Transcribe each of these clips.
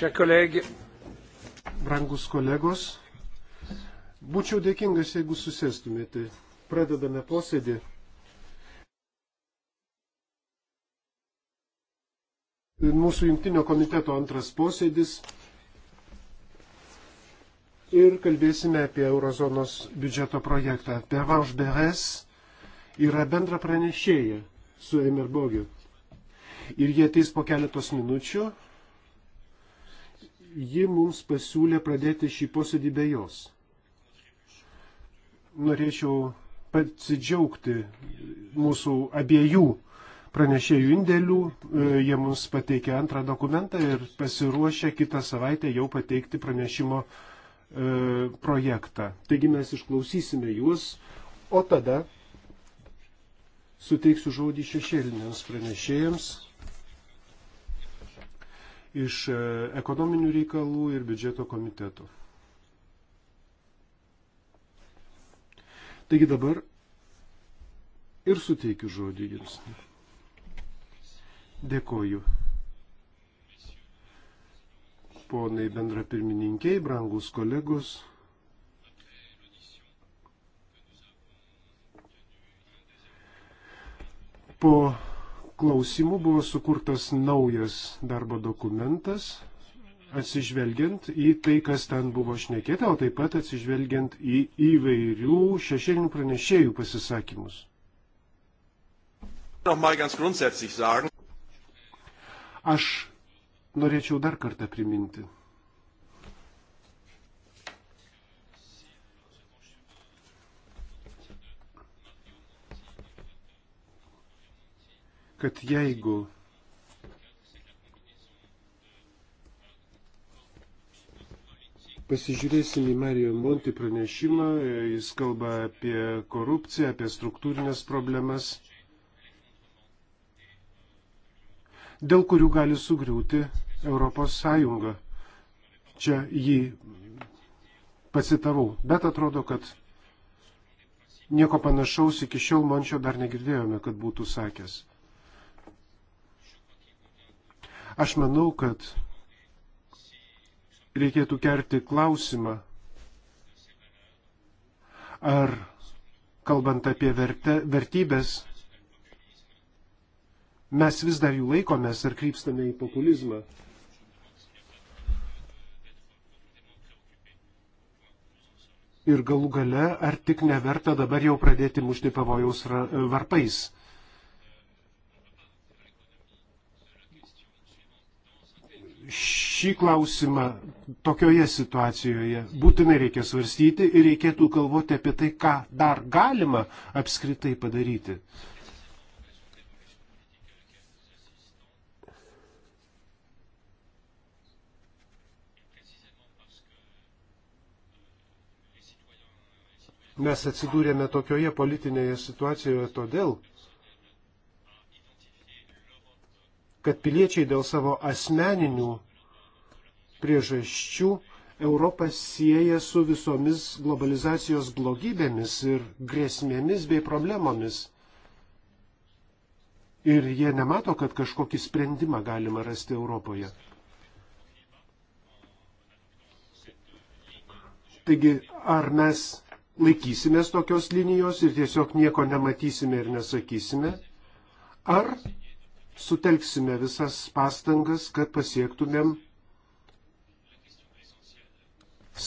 Čia kolegė. Brangus kolegos, būčiau dėkingas, jeigu susėstumėte. Pradedame posėdį. Mūsų jungtinio komiteto antras posėdis. Ir kalbėsime apie Eurozonos biudžeto projektą. Pervanš Beres yra bendra pranešėja su Emerbogiu. Ir jie ateis po keletos minučių ji mums pasiūlė pradėti šį posėdį be jos. Norėčiau pasidžiaugti mūsų abiejų pranešėjų indėlių, e, jie mums pateikė antrą dokumentą ir pasiruošė kitą savaitę jau pateikti pranešimo e, projektą. Taigi mes išklausysime juos, o tada suteiksiu žodį šešėliniams pranešėjams iš e, ekonominių reikalų ir biudžeto komiteto. Taigi dabar ir suteikiu žodį jums. Dėkoju. Ponai bendra pirmininkiai, brangus kolegos. Po klausimų buvo sukurtas naujas darbo dokumentas, atsižvelgiant į tai, kas ten buvo šnekėta, o taip pat atsižvelgiant į įvairių šešėlinių pranešėjų pasisakymus. Aš norėčiau dar kartą priminti kad jeigu Pasižiūrėsim į Marijo Monti pranešimą, jis kalba apie korupciją, apie struktūrinės problemas, dėl kurių gali sugriūti Europos Sąjunga. Čia jį pacitavau, bet atrodo, kad nieko panašaus iki šiol Mončio dar negirdėjome, kad būtų sakęs. Aš manau, kad reikėtų kerti klausimą, ar kalbant apie verte, vertybės, mes vis dar jų laikomės ar krypstame į populizmą. Ir galų gale, ar tik neverta dabar jau pradėti mušti pavojaus varpais. šį klausimą tokioje situacijoje būtinai reikia svarstyti ir reikėtų galvoti apie tai, ką dar galima apskritai padaryti. Mes atsidūrėme tokioje politinėje situacijoje todėl, kad piliečiai dėl savo asmeninių priežasčių Europą sieja su visomis globalizacijos blogybėmis ir grėsmėmis bei problemomis. Ir jie nemato, kad kažkokį sprendimą galima rasti Europoje. Taigi, ar mes laikysimės tokios linijos ir tiesiog nieko nematysime ir nesakysime, ar sutelksime visas pastangas, kad pasiektumėm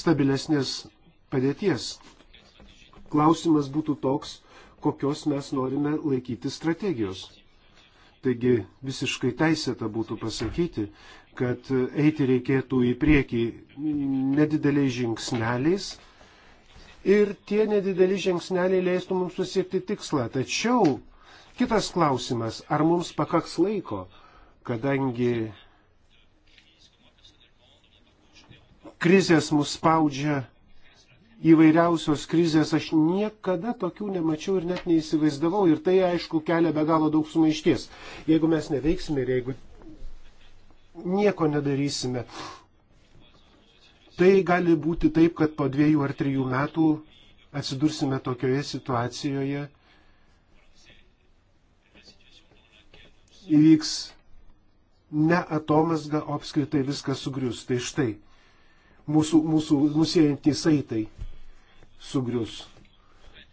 stabilesnės padėties. Klausimas būtų toks, kokios mes norime laikyti strategijos. Taigi visiškai teisėta būtų pasakyti, kad eiti reikėtų į priekį nedideliais žingsneliais ir tie nedideli žingsneliai leistų mums susiekti tikslą. Tačiau Kitas klausimas, ar mums pakaks laiko, kadangi krizės mus spaudžia, įvairiausios krizės, aš niekada tokių nemačiau ir net neįsivaizdavau ir tai aišku kelia be galo daug sumaišties. Jeigu mes neveiksime ir jeigu nieko nedarysime, tai gali būti taip, kad po dviejų ar trijų metų atsidursime tokioje situacijoje, įvyks ne atomasga, o apskritai viskas sugrius. Tai štai, mūsų, mūsų nusėjantys saitai sugrius.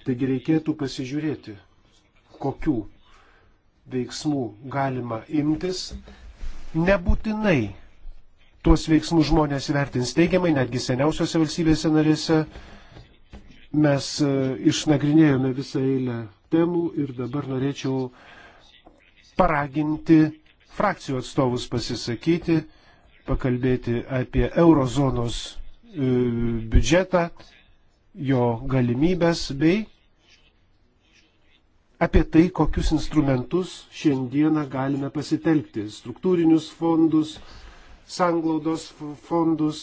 Taigi reikėtų pasižiūrėti, kokių veiksmų galima imtis. Nebūtinai tuos veiksmus žmonės vertins teigiamai, netgi seniausiose valstybėse narėse. Mes e, išnagrinėjome visą eilę temų ir dabar norėčiau uh, paraginti frakcijų atstovus pasisakyti, pakalbėti apie eurozonos e, biudžetą, jo galimybės bei apie tai, kokius instrumentus šiandieną galime pasitelkti - struktūrinius fondus, sanglaudos fondus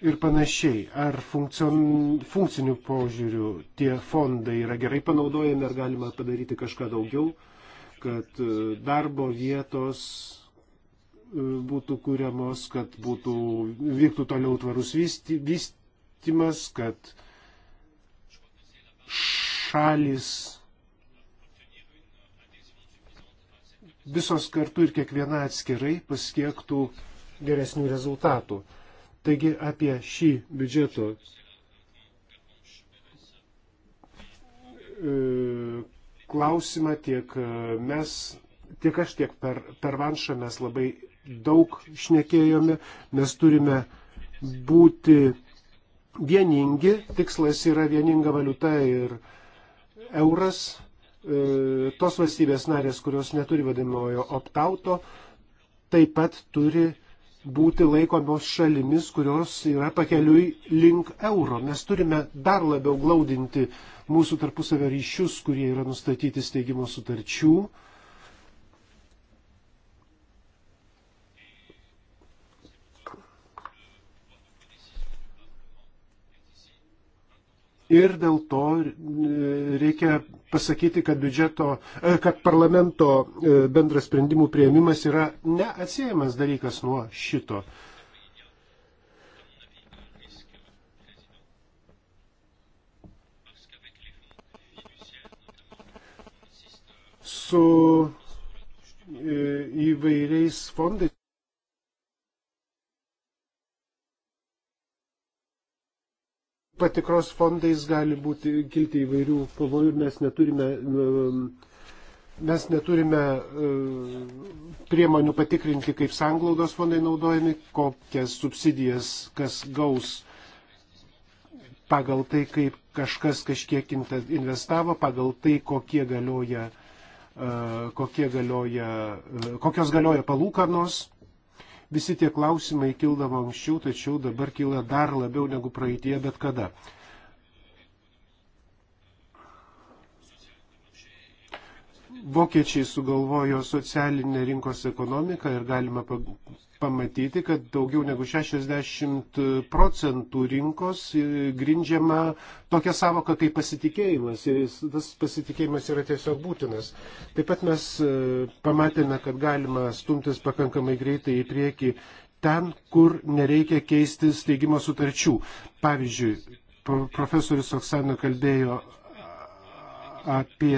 ir panašiai. Ar funkcion, funkcinių požiūrių tie fondai yra gerai panaudojami, ar galima padaryti kažką daugiau? kad e, darbo vietos e, būtų kūriamos, kad būtų, vyktų toliau tvarus vystimas, kad šalis visos kartu ir kiekviena atskirai pasiektų geresnių rezultatų. Taigi apie šį biudžeto e, klausimą, tiek e, mes, tiek aš, tiek per, per Vanšą mes labai daug šnekėjome, mes turime būti vieningi, tikslas yra vieninga valiuta ir euras, e, tos valstybės narės, kurios neturi vadinamojo opt-auto, taip pat turi būti laikomos šalimis, kurios yra pakeliui link euro. Mes turime dar labiau glaudinti mūsų tarpusavio ryšius, kurie yra nustatyti steigimo sutarčių. ir dėl to e, reikia pasakyti, kad, biudžeto, e, kad parlamento e, bendras sprendimų prieimimas yra neatsiejamas dalykas nuo šito. Su įvairiais fondais. patikros fondais gali būti kilti įvairių pavojų ir mes neturime, um, mes neturime um, priemonių patikrinti, kaip sanglaudos fondai naudojami, kokias subsidijas kas gaus pagal tai, kaip kažkas kažkiek investavo, pagal tai, kokie galioja, uh, kokie galioja, uh, kokios galioja palūkanos Visi tie klausimai kildavo anksčiau, tačiau dabar kyla dar labiau negu praeitie bet kada. vokiečiai sugalvojo socialinę rinkos ekonomiką ir galima pamatyti, kad daugiau negu 60 procentų rinkos e, grindžiama tokia savoka kaip pasitikėjimas ir tas pasitikėjimas yra tiesiog būtinas. Taip pat mes e, pamatėme, kad galima stumtis pakankamai greitai į priekį ten, kur nereikia keisti steigimo sutarčių. Pavyzdžiui, profesorius Oksana kalbėjo apie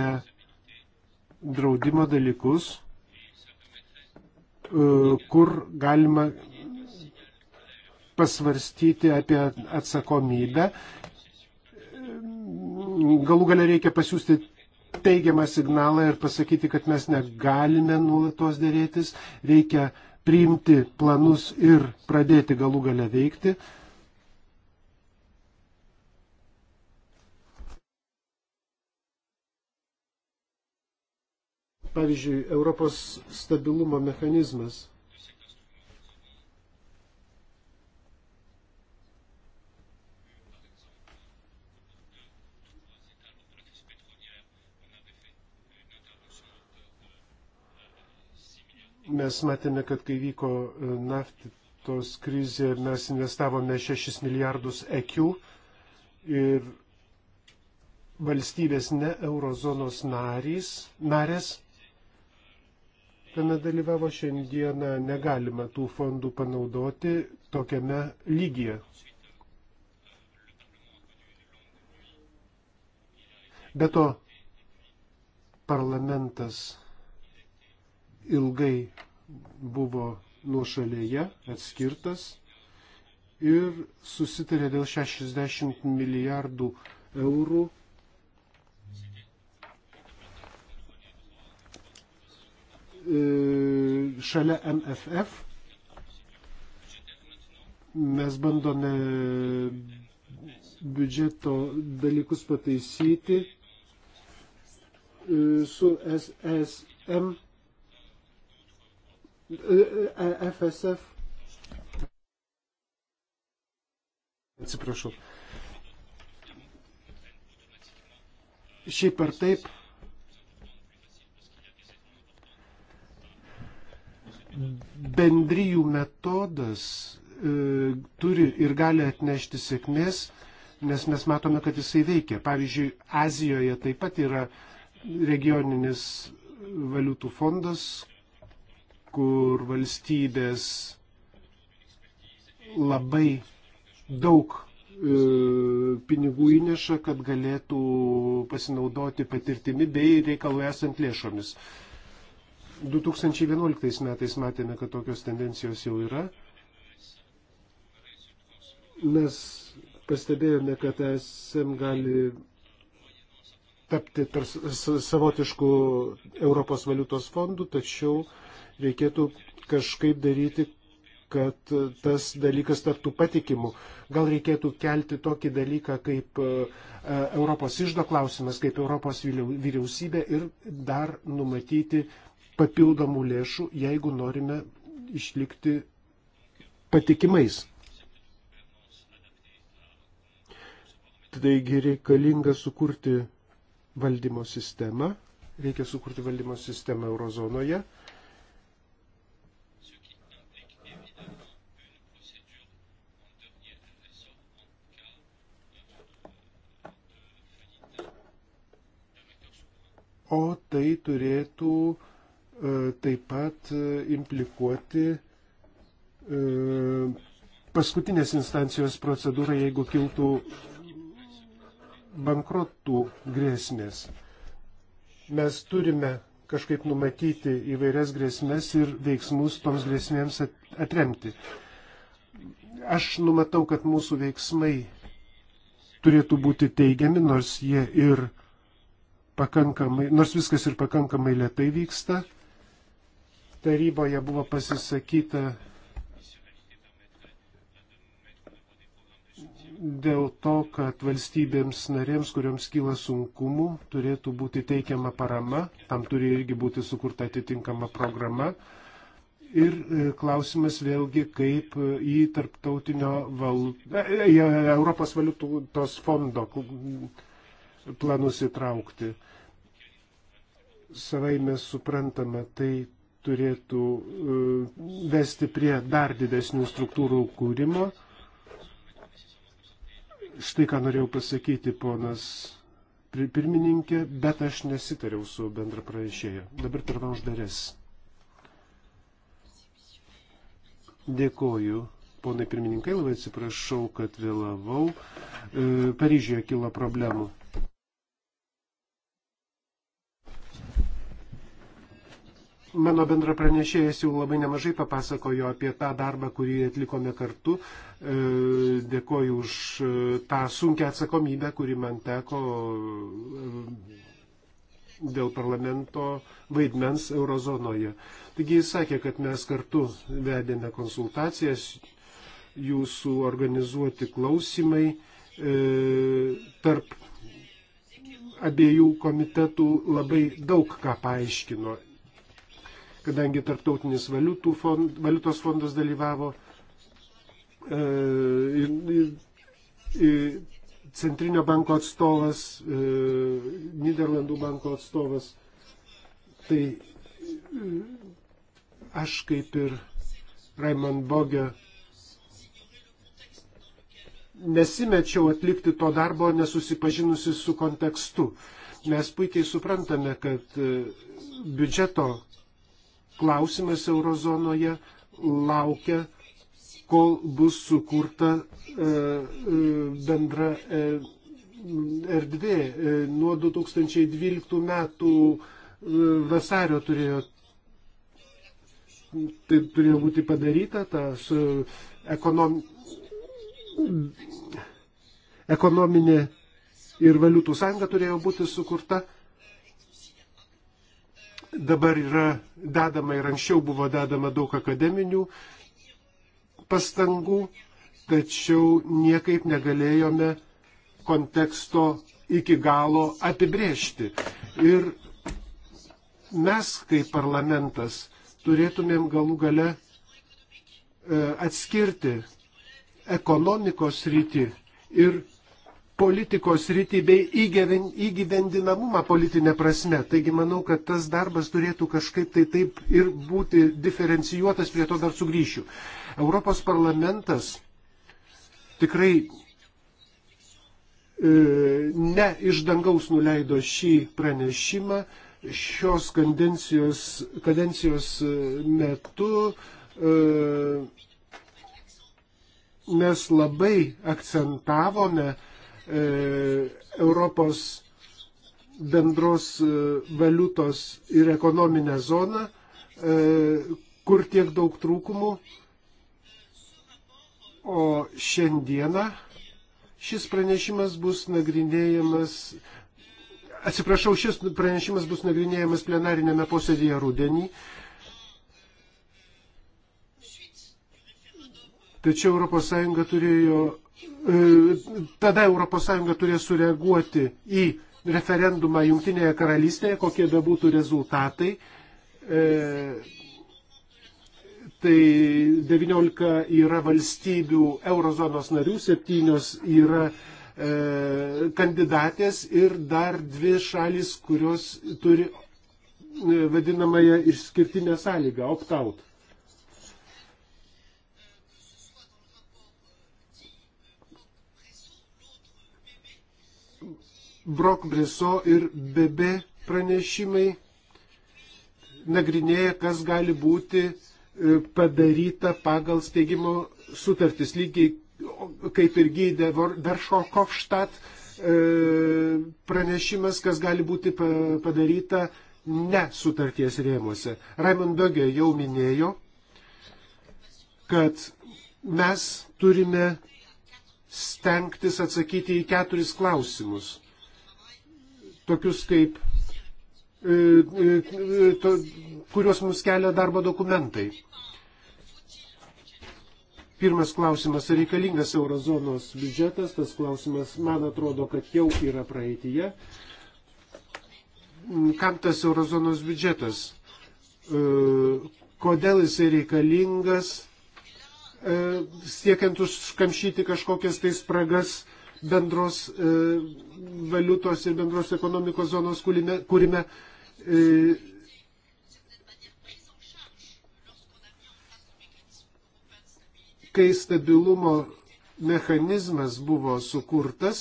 draudimo dalykus, e, kur galima pasvarstyti apie atsakomybę. Galų gale reikia pasiūsti teigiamą signalą ir pasakyti, kad mes negalime nuolatos dėrėtis, reikia priimti planus ir pradėti galų gale veikti. Pavyzdžiui, Europos stabilumo mechanizmas. Mes matėme, kad kai vyko e, naftos krizė, mes investavome 6 milijardus ekių ir valstybės ne eurozonos narys, narės tame dalyvavo, šiandieną negalima tų fondų panaudoti tokiame lygyje. Be to, parlamentas ilgai buvo nuošalėje, atskirtas ir susitarė dėl 60 milijardų eurų E, šalia MFF mes bandome biudžeto dalykus pataisyti e, su SSM, FSF. E, Atsiprašau. Šiaip ar taip bendryjų metodas e, turi ir gali atnešti sėkmės, nes mes matome, kad jisai veikia. Pavyzdžiui, Azijoje taip pat yra regioninis valiutų fondas, kur valstybės labai daug e, pinigų įneša, kad galėtų pasinaudoti patirtimi bei reikalų esant lėšomis. 2011 metais matėme, kad tokios tendencijos jau yra. Mes pastebėjome, kad e SM gali tapti savotiškų Europos valiutos fondų, tačiau reikėtų kažkaip daryti, kad tas dalykas taptų patikimu. Gal reikėtų kelti tokį dalyką kaip e, Europos išdo klausimas, kaip Europos vyriausybė ir dar numatyti papildomų lėšų, jeigu norime išlikti patikimais. Taigi reikalinga sukurti valdymo sistemą, reikia sukurti valdymo sistemą eurozonoje. O tai turėtų uh, E, taip pat e, implikuoti e, paskutinės instancijos procedūrą, jeigu kiltų bankrotų grėsmės. Mes turime kažkaip numatyti įvairias grėsmės ir veiksmus toms grėsmėms atremti. Aš numatau, kad mūsų veiksmai turėtų būti teigiami, nors jie ir pakankamai, nors viskas ir pakankamai lietai vyksta taryboje buvo pasisakyta dėl to, kad valstybėms narėms, kuriuoms kyla sunkumų, turėtų būti teikiama parama, tam turi irgi būti sukurta atitinkama programa. Ir e, klausimas vėlgi, kaip e, į tarptautinio valutų, e, į Europos valiutos fondo planus įtraukti. Savai mes suprantame, tai turėtų e, vesti prie dar didesnių struktūrų kūrimo. Štai ką norėjau pasakyti, ponas pirmininkė, bet aš nesitariau su bendra pranešėja. Dabar tarva uždarės. Dėkoju. Ponai pirmininkai, labai atsiprašau, kad vėlavau. E, Paryžiuje kilo problemų. Mano bendra pranešėjas jau labai nemažai papasakojo apie tą darbą, kurį atlikome kartu. E, dėkoju už e, tą sunkę atsakomybę, kuri man teko e, dėl parlamento vaidmens eurozonoje. Taigi jis sakė, kad mes kartu vedėme konsultacijas, jūsų organizuoti klausimai tarp abiejų komitetų labai daug ką paaiškino kadangi tarptautinis fond, valiutos fondas dalyvavo. E, ir, ir, Centrinio banko atstovas, e, Niderlandų banko atstovas. Tai e, aš kaip ir Raimond Bogė nesimečiau atlikti to darbo nesusipažinusi su kontekstu. Mes puikiai suprantame, kad e, biudžeto klausimas eurozonoje laukia, kol bus sukurta e, e, bendra e, erdvė. Nuo 2012 metų vasario turėjo, tai turėjo būti padaryta tas ekonom, ekonominė ir valiutų sąjunga turėjo būti sukurta dabar yra dedama ir anksčiau buvo dedama daug akademinių pastangų, tačiau niekaip negalėjome konteksto iki galo apibrėžti. Ir mes kaip parlamentas turėtumėm galų gale e, atskirti ekonomikos rytį ir politikos rytį bei įgyvendinamumą politinę prasme. Taigi manau, kad tas darbas turėtų kažkaip tai taip ir būti diferencijuotas, prie to dar sugrįšiu. Europos parlamentas tikrai e, ne iš dangaus nuleido šį pranešimą šios kadencijos, kadencijos metu. E, mes labai akcentavome E, Europos bendros e, valiutos ir ekonominę zoną, e, kur tiek daug trūkumų. O šiandieną šis pranešimas bus nagrinėjamas, atsiprašau, šis pranešimas bus nagrinėjamas plenarinėme posėdėje rudenį. Tačiau ES turėjo E, tada ES turės sureaguoti į referendumą Junktinėje karalystėje, kokie bebūtų rezultatai. E, tai 19 yra valstybių eurozonos narių, 7 yra e, kandidatės ir dar dvi šalis, kurios turi e, vadinamąją išskirtinę sąlygą, opt-out. Brok Briso ir BB pranešimai nagrinėja, kas gali būti e, padaryta pagal steigimo sutartis, lygiai kaip ir gydė Veršokofštat e, pranešimas, kas gali būti padaryta ne sutarties rėmuose. Raimond Bögė jau minėjo, kad mes turime stengtis atsakyti į keturis klausimus tokius kaip, e, e, to, kuriuos mums kelia darbo dokumentai. Pirmas klausimas, ar reikalingas eurozonos biudžetas, tas klausimas, man atrodo, kad jau yra praeitie. Kam tas eurozonos biudžetas? E, kodėl jisai reikalingas? Siekiant užkamšyti kažkokias tai spragas bendros e, valiutos ir bendros ekonomikos zonos kūrime. E, kai stabilumo mechanizmas buvo sukurtas,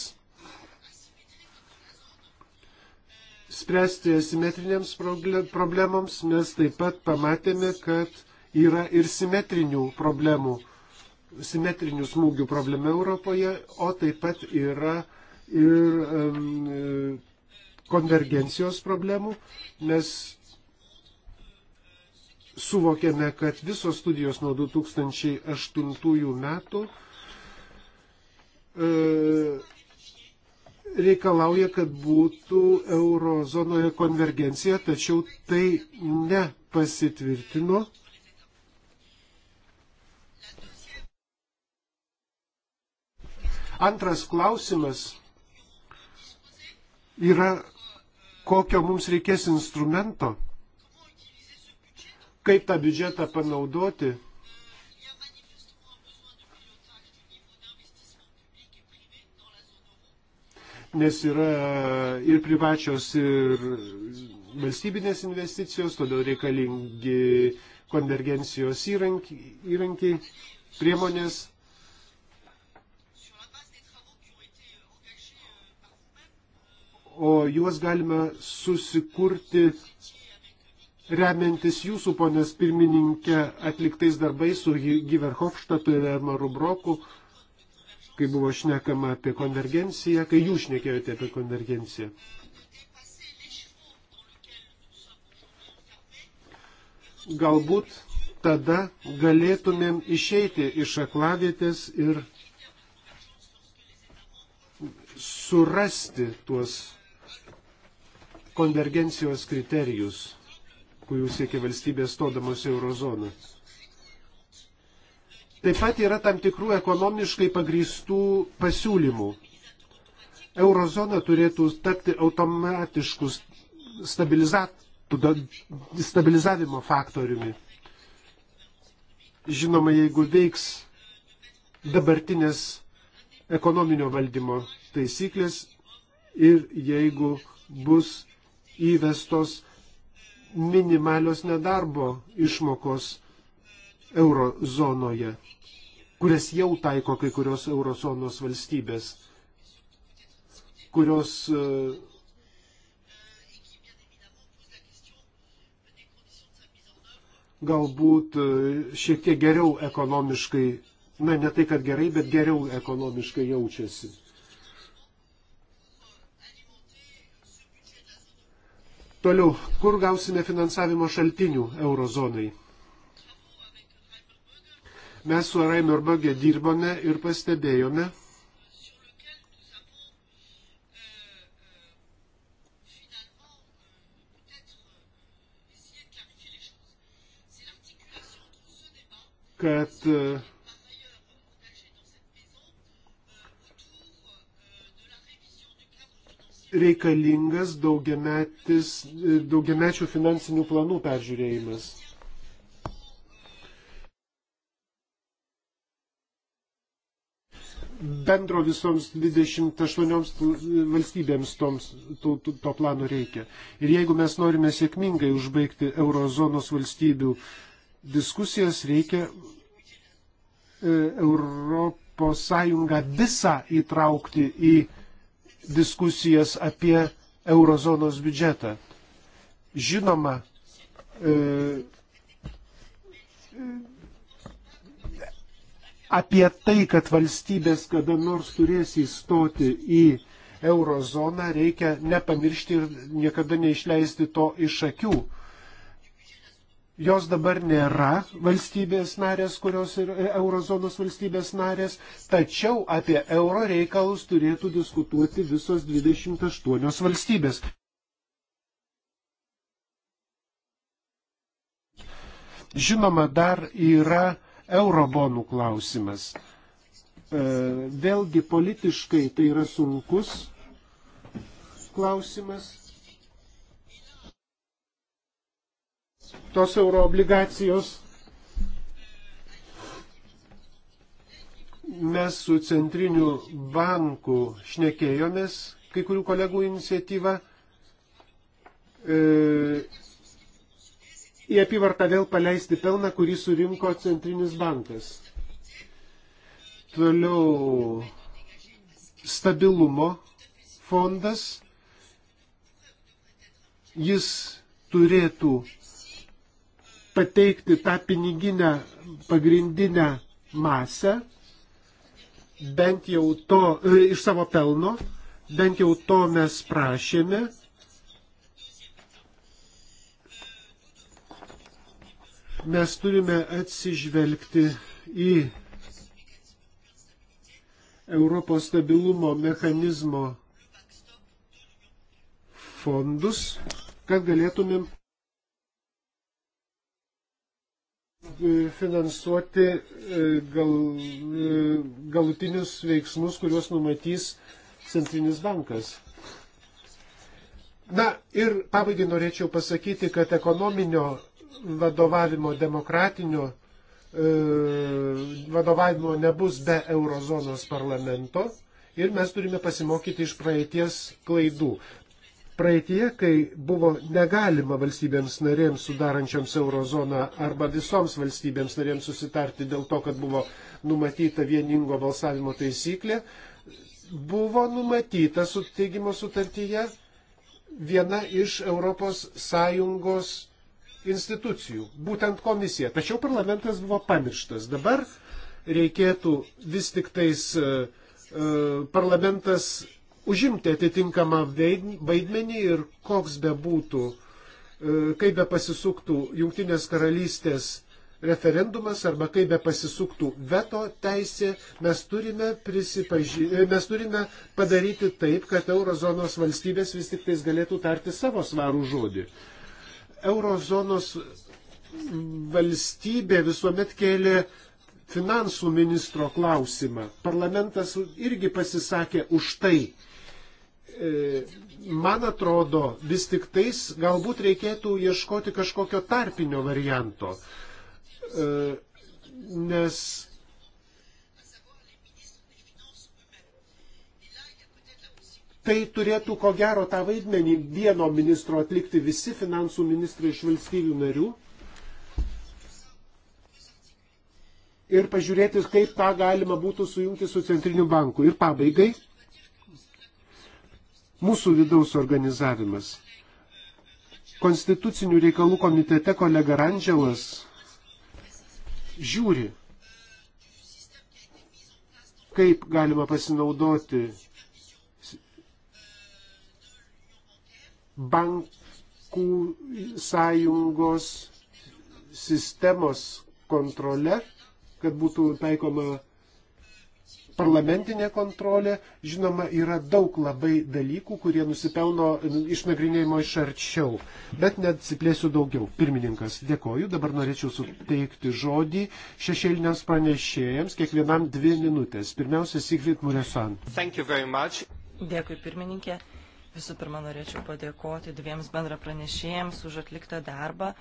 spręsti asimetrinėms problemoms, mes taip pat pamatėme, kad yra ir simetrinių problemų simetrinių smūgių problema Europoje, o taip pat yra ir um, konvergencijos problemų. Mes suvokėme, kad visos studijos nuo 2008 metų uh, reikalauja, kad būtų eurozonoje konvergencija, tačiau tai nepasitvirtino. Antras klausimas yra, kokio mums reikės instrumento, kaip tą biudžetą panaudoti. Nes yra ir privačios, ir valstybinės investicijos, todėl reikalingi konvergencijos įrankiai, įrankiai priemonės. o juos galime susikurti remiantis jūsų, ponės pirmininkė, atliktais darbais su Giverhofštatu ir Elmaru Broku, kai buvo šnekama apie konvergenciją, kai jūs šnekėjote apie konvergenciją. Galbūt tada galėtumėm išeiti iš aklavietės ir surasti tuos konvergencijos kriterijus, kurių siekia valstybės stodamos eurozoną. Taip pat yra tam tikrų ekonomiškai pagrįstų pasiūlymų. Eurozona turėtų tapti automatiškų stabilizavimo faktoriumi. Žinoma, jeigu veiks dabartinės ekonominio valdymo taisyklės ir jeigu bus įvestos minimalios nedarbo išmokos eurozonoje, kurias jau taiko kai kurios eurozonos valstybės, kurios e, galbūt e, šiek tiek geriau ekonomiškai, na ne tai, kad gerai, bet geriau ekonomiškai jaučiasi. Toliau, kur gausime finansavimo šaltinių eurozonai? Mes su Raimer Bagė dirbome ir pastebėjome, kad reikalingas daugiamečių finansinių planų peržiūrėjimas. Bendro visoms 28 valstybėms toms, to, to, to plano reikia. Ir jeigu mes norime sėkmingai užbaigti eurozonos valstybių diskusijas, reikia e, Europos Sąjungą visą įtraukti į diskusijas apie eurozonos biudžetą. Žinoma, e, apie tai, kad valstybės kada nors turės įstoti į eurozoną, reikia nepamiršti ir niekada neišleisti to iš akių. Jos dabar nėra valstybės narės, kurios ir e, eurozonos valstybės narės, tačiau apie euro reikalus turėtų diskutuoti visos 28 valstybės. Žinoma, dar yra eurobonų klausimas. E, vėlgi politiškai tai yra sunkus klausimas. tos euroobligacijos. Mes su centriniu banku šnekėjomės, kai kurių kolegų iniciatyva. E, į apyvartą vėl paleisti pelną, kurį surinko centrinis bankas. Toliau stabilumo fondas. Jis turėtų pateikti tą piniginę pagrindinę masę, bent jau to, e, iš savo pelno, bent jau to mes prašėme. Mes turime atsižvelgti į Europos stabilumo mechanizmo fondus, kad galėtumėm finansuoti e, gal, e, galutinius veiksmus, kuriuos numatys Centrinis bankas. Na ir pabaigai norėčiau pasakyti, kad ekonominio vadovavimo, demokratinio e, vadovavimo nebus be eurozonos parlamento ir mes turime pasimokyti iš praeities klaidų. Praeitie, kai buvo negalima valstybėms narėms sudarančiams eurozoną arba visoms valstybėms narėms susitarti dėl to, kad buvo numatyta vieningo balsavimo taisyklė, buvo numatyta suteigimo sutartyje viena iš ES institucijų, būtent komisija. Tačiau parlamentas buvo pamirštas. Dabar reikėtų vis tik tais uh, parlamentas užimti atitinkamą vaidmenį ir koks be būtų, e, kaip be pasisuktų Junktinės karalystės referendumas arba kaip be pasisuktų veto teisė, mes turime, prisipaži... E, mes turime padaryti taip, kad eurozonos valstybės vis tik tais galėtų tarti savo svarų žodį. Eurozonos valstybė visuomet kėlė finansų ministro klausimą. Parlamentas irgi pasisakė už tai. E, man atrodo, vis tik tais galbūt reikėtų ieškoti kažkokio tarpinio varianto. E, nes tai turėtų ko gero tą vaidmenį vieno ministro atlikti visi finansų ministrai iš valstybių narių. Ir pažiūrėti, kaip tą galima būtų sujungti su centriniu banku. Ir pabaigai mūsų vidaus organizavimas. Konstitucinių reikalų komitete kolega Randželas žiūri, kaip galima pasinaudoti bankų sąjungos sistemos kontrole, kad būtų taikoma parlamentinė kontrolė, žinoma, yra daug labai dalykų, kurie nusipelno išnagrinėjimo iš arčiau. Bet neatsiplėsiu daugiau. Pirmininkas, dėkoju. Dabar norėčiau suteikti žodį šešėliniams pranešėjams, kiekvienam dvi minutės. Pirmiausia, Sigrid Muresan. Dėkui, pirmininkė. Visų pirma, norėčiau padėkoti dviems bendra pranešėjams už atliktą darbą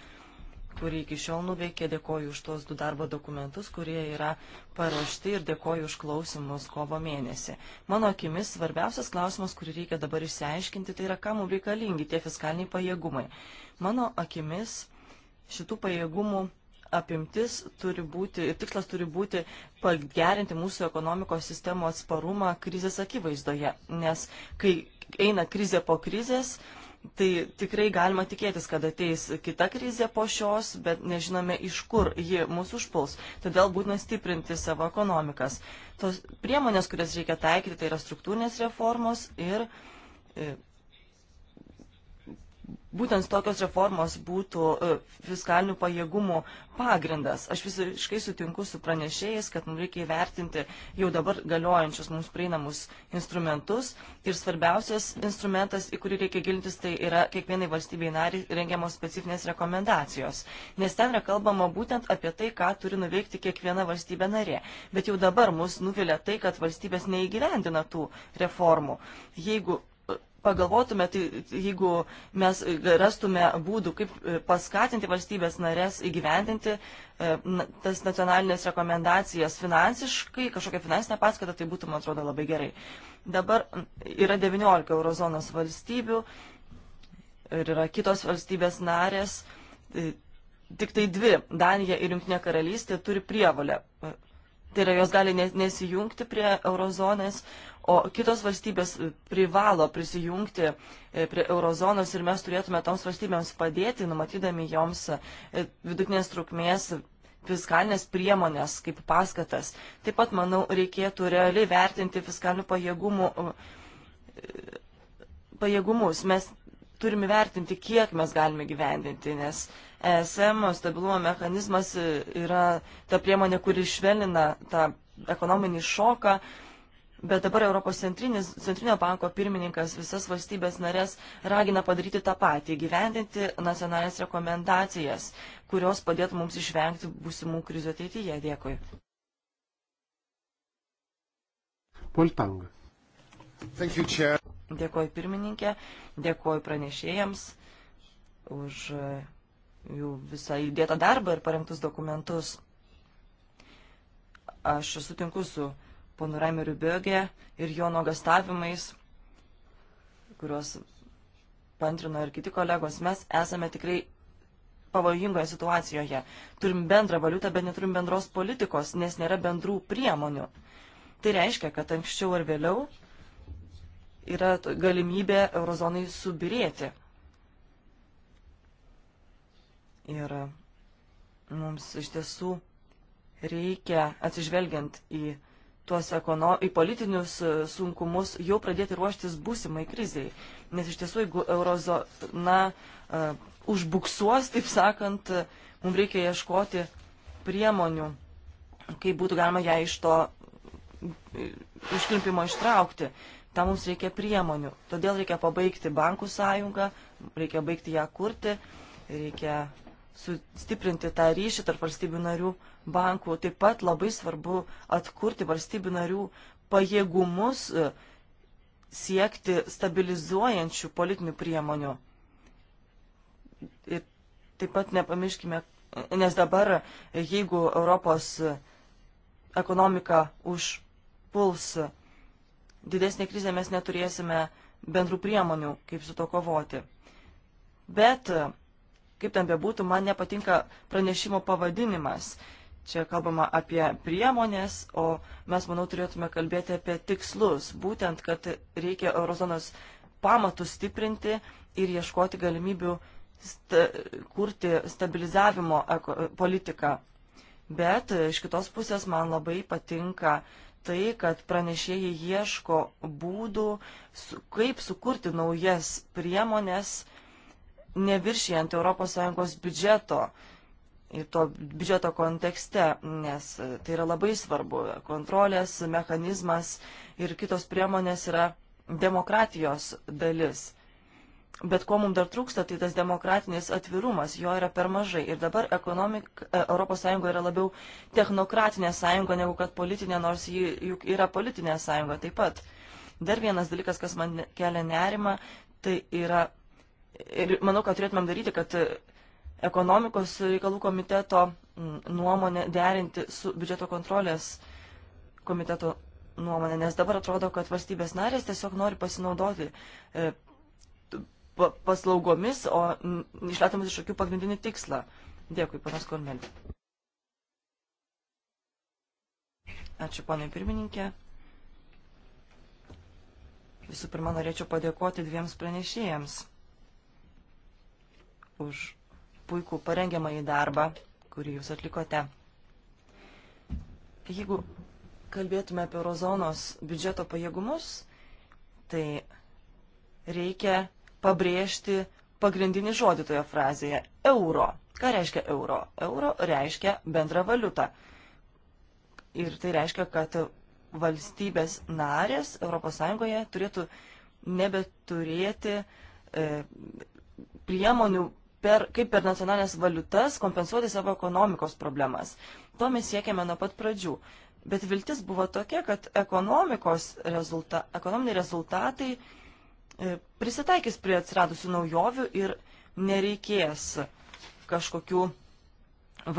kurį iki šiol nuveikė. Dėkoju už tos du darbo dokumentus, kurie yra paruošti ir dėkoju už klausimus kovo mėnesį. Mano akimis svarbiausias klausimas, kurį reikia dabar išsiaiškinti, tai yra, kam mums reikalingi tie fiskaliniai pajėgumai. Mano akimis šitų pajėgumų apimtis turi būti ir tikslas turi būti pagerinti mūsų ekonomikos sistemo atsparumą krizės akivaizdoje, nes kai eina krizė po krizės, Tai tikrai galima tikėtis, kad ateis kita krizė po šios, bet nežinome iš kur ji mūsų užpuls. Todėl būtina stiprinti savo ekonomikas. Tos priemonės, kurias reikia taikyti, tai yra struktūrinės reformos ir e, būtent tokios reformos būtų e, fiskalinių pajėgumų pagrindas. Aš visiškai sutinku su pranešėjais, kad mums reikia įvertinti jau dabar galiojančius mums prieinamus instrumentus. Ir svarbiausias instrumentas, į kurį reikia gilintis, tai yra kiekvienai valstybei nariai rengiamos specifinės rekomendacijos. Nes ten yra kalbama būtent apie tai, ką turi nuveikti kiekviena valstybė narė. Bet jau dabar mus nuvilia tai, kad valstybės neįgyvendina tų reformų. Jeigu pagalvotume, tai jeigu mes rastume būdų, kaip e, paskatinti valstybės narės įgyvendinti e, tas nacionalinės rekomendacijas finansiškai, kažkokią finansinę paskatą, tai būtų, man atrodo, labai gerai. Dabar yra 19 eurozonos valstybių ir yra kitos valstybės narės. Tai tik tai dvi, Danija ir Junktinė karalystė, turi prievalę. E, tai yra, jos gali nesijungti prie eurozonas, o kitos valstybės e, privalo prisijungti e, prie eurozonos ir mes turėtume toms valstybėms padėti, numatydami joms e, vidutinės trukmės fiskalinės priemonės kaip paskatas. Taip pat, manau, reikėtų realiai vertinti fiskalinių pajėgumų, pajėgumus. Mes turime vertinti, kiek mes galime gyvendinti, nes ESM stabilumo mechanizmas yra ta priemonė, kuri švelnina tą ekonominį šoką, Bet dabar Europos centrinio banko pirmininkas visas valstybės narės ragina padaryti tą patį, gyvendinti nacionalinės rekomendacijas, kurios padėtų mums išvengti būsimų krizių ateityje. Dėkui. Poltang. Dėkoju pirmininkė, dėkoju pranešėjams už uh, jų visą įdėtą darbą ir parengtus dokumentus. Aš sutinku su ponu Raimeriu Bögė ir jo nuogastavimais, kuriuos pantrino ir kiti kolegos, mes esame tikrai pavojingoje situacijoje. Turim bendrą valiutą, bet neturim bendros politikos, nes nėra bendrų priemonių. Tai reiškia, kad anksčiau ar vėliau yra galimybė eurozonai subirėti. Ir mums iš tiesų reikia, atsižvelgiant į tuos ekono, į politinius e, sunkumus jau pradėti ruoštis būsimai kriziai. Nes iš tiesų, jeigu eurozona uh, e, užbuksuos, taip sakant, mums reikia ieškoti priemonių, kaip būtų galima ją iš to išklimpimo e, ištraukti. Tam mums reikia priemonių. Todėl reikia pabaigti bankų sąjungą, reikia baigti ją kurti, reikia sustiprinti tą ryšį tarp valstybių narių bankų. Taip pat labai svarbu atkurti valstybių narių pajėgumus e, siekti stabilizuojančių politinių priemonių. Ir taip pat nepamirškime, nes dabar e, jeigu Europos e, ekonomika užpuls didesnė krizė, mes neturėsime bendrų priemonių, kaip su to kovoti. Bet Kaip ten bebūtų, man nepatinka pranešimo pavadinimas. Čia kalbama apie priemonės, o mes, manau, turėtume kalbėti apie tikslus. Būtent, kad reikia eurozonos pamatus stiprinti ir ieškoti galimybių sta kurti stabilizavimo politiką. Bet iš kitos pusės man labai patinka tai, kad pranešėjai ieško būdų, su, kaip sukurti naujas priemonės, neviršijant ES biudžeto ir to biudžeto kontekste, nes tai yra labai svarbu. Kontrolės mechanizmas ir kitos priemonės yra demokratijos dalis. Bet ko mums dar trūksta, tai tas demokratinis atvirumas, jo yra per mažai. Ir dabar ekonomik, ES yra labiau technokratinė sąjunga negu kad politinė, nors ji juk yra politinė sąjunga taip pat. Dar vienas dalykas, kas man kelia nerima, tai yra ir manau, kad turėtumėm daryti, kad ekonomikos reikalų komiteto nuomonę derinti su biudžeto kontrolės komiteto nuomonę, nes dabar atrodo, kad valstybės narės tiesiog nori pasinaudoti e, paslaugomis, o išletamas iš akių pagrindinį tikslą. Dėkui, panas Kormelė. Ačiū, panai pirmininkė. Visų pirma, norėčiau padėkoti dviems pranešėjams už puikų parengiamąjį darbą, kurį jūs atlikote. Jeigu kalbėtume apie eurozonos biudžeto pajėgumus, tai reikia pabrėžti pagrindinį žodį toje frazėje – euro. Ką reiškia euro? Euro reiškia bendrą valiutą. Ir tai reiškia, kad valstybės narės ES turėtų nebeturėti e, priemonių per, kaip per nacionalinės valiutas kompensuoti savo ekonomikos problemas. To mes siekėme nuo pat pradžių. Bet viltis buvo tokia, kad rezulta, ekonominiai rezultatai e, prisitaikys prie atsiradusių naujovių ir nereikės kažkokių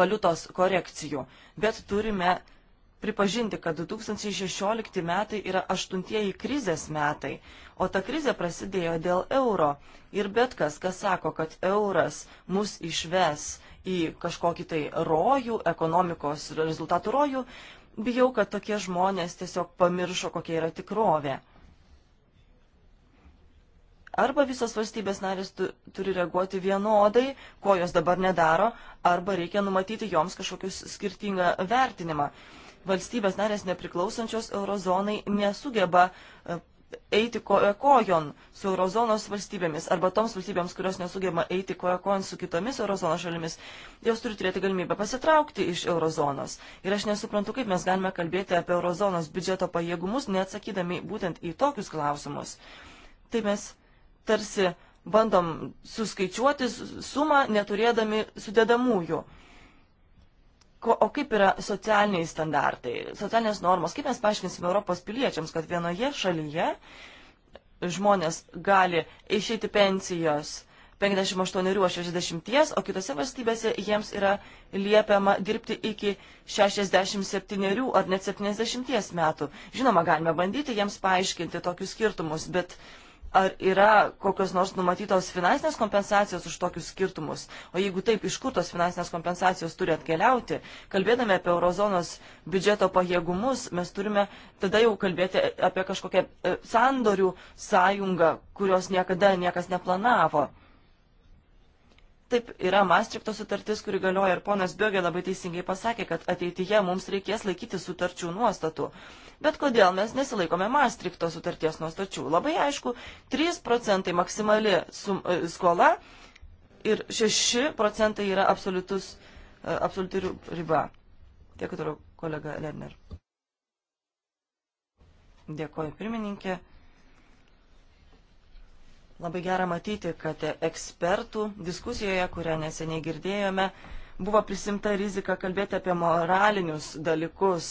valiutos korekcijų. Bet turime pripažinti, kad 2016 metai yra aštuntieji krizės metai, o ta krizė prasidėjo dėl euro. Ir bet kas, kas sako, kad euras mus išves į kažkokį tai rojų, ekonomikos rezultatų rojų, bijau, kad tokie žmonės tiesiog pamiršo, kokia yra tikrovė. Arba visos valstybės narės tu, turi reaguoti vienodai, ko jos dabar nedaro, arba reikia numatyti joms kažkokius skirtingą vertinimą valstybės narės nepriklausančios eurozonai nesugeba e, eiti koja kojon su eurozonos valstybėmis arba toms valstybėms, kurios nesugeba eiti koja kojon su kitomis eurozonos šalimis, jos turi turėti galimybę pasitraukti iš eurozonos. Ir aš nesuprantu, kaip mes galime kalbėti apie eurozonos biudžeto pajėgumus, neatsakydami būtent į tokius klausimus. Tai mes tarsi bandom suskaičiuoti sumą, neturėdami sudėdamųjų. Uh, Ko, o kaip yra socialiniai standartai, socialinės normos? Kaip mes paaiškinsime Europos piliečiams, kad vienoje šalyje žmonės gali išeiti pensijos 58 ar 60, o kitose valstybėse jiems yra liepiama dirbti iki 67 ar net 70 metų. Žinoma, galime bandyti jiems paaiškinti tokius skirtumus, bet uh, ar yra kokios nors numatytos finansinės kompensacijos už tokius skirtumus? O jeigu taip, iš kur tos finansinės kompensacijos turi atkeliauti? Kalbėdami apie eurozonos biudžeto pajėgumus, mes turime tada jau kalbėti apie kažkokią e, sandorių sąjungą, kurios niekada niekas neplanavo. Taip, yra Maastrichto sutartis, kuri galioja ir ponas Biogė labai teisingai pasakė, kad ateityje mums reikės laikyti sutarčių nuostatų. Bet kodėl mes nesilaikome Maastrichto sutarties nuostačių? Labai aišku, 3 procentai maksimali sum, e, skola ir 6 procentai yra absoliutus, e, absoliuti riba. Tiek turiu kolega Lerner. Dėkoju pirmininkė. Labai gera matyti, kad ekspertų diskusijoje, kurią neseniai girdėjome, buvo prisimta rizika kalbėti apie moralinius dalykus.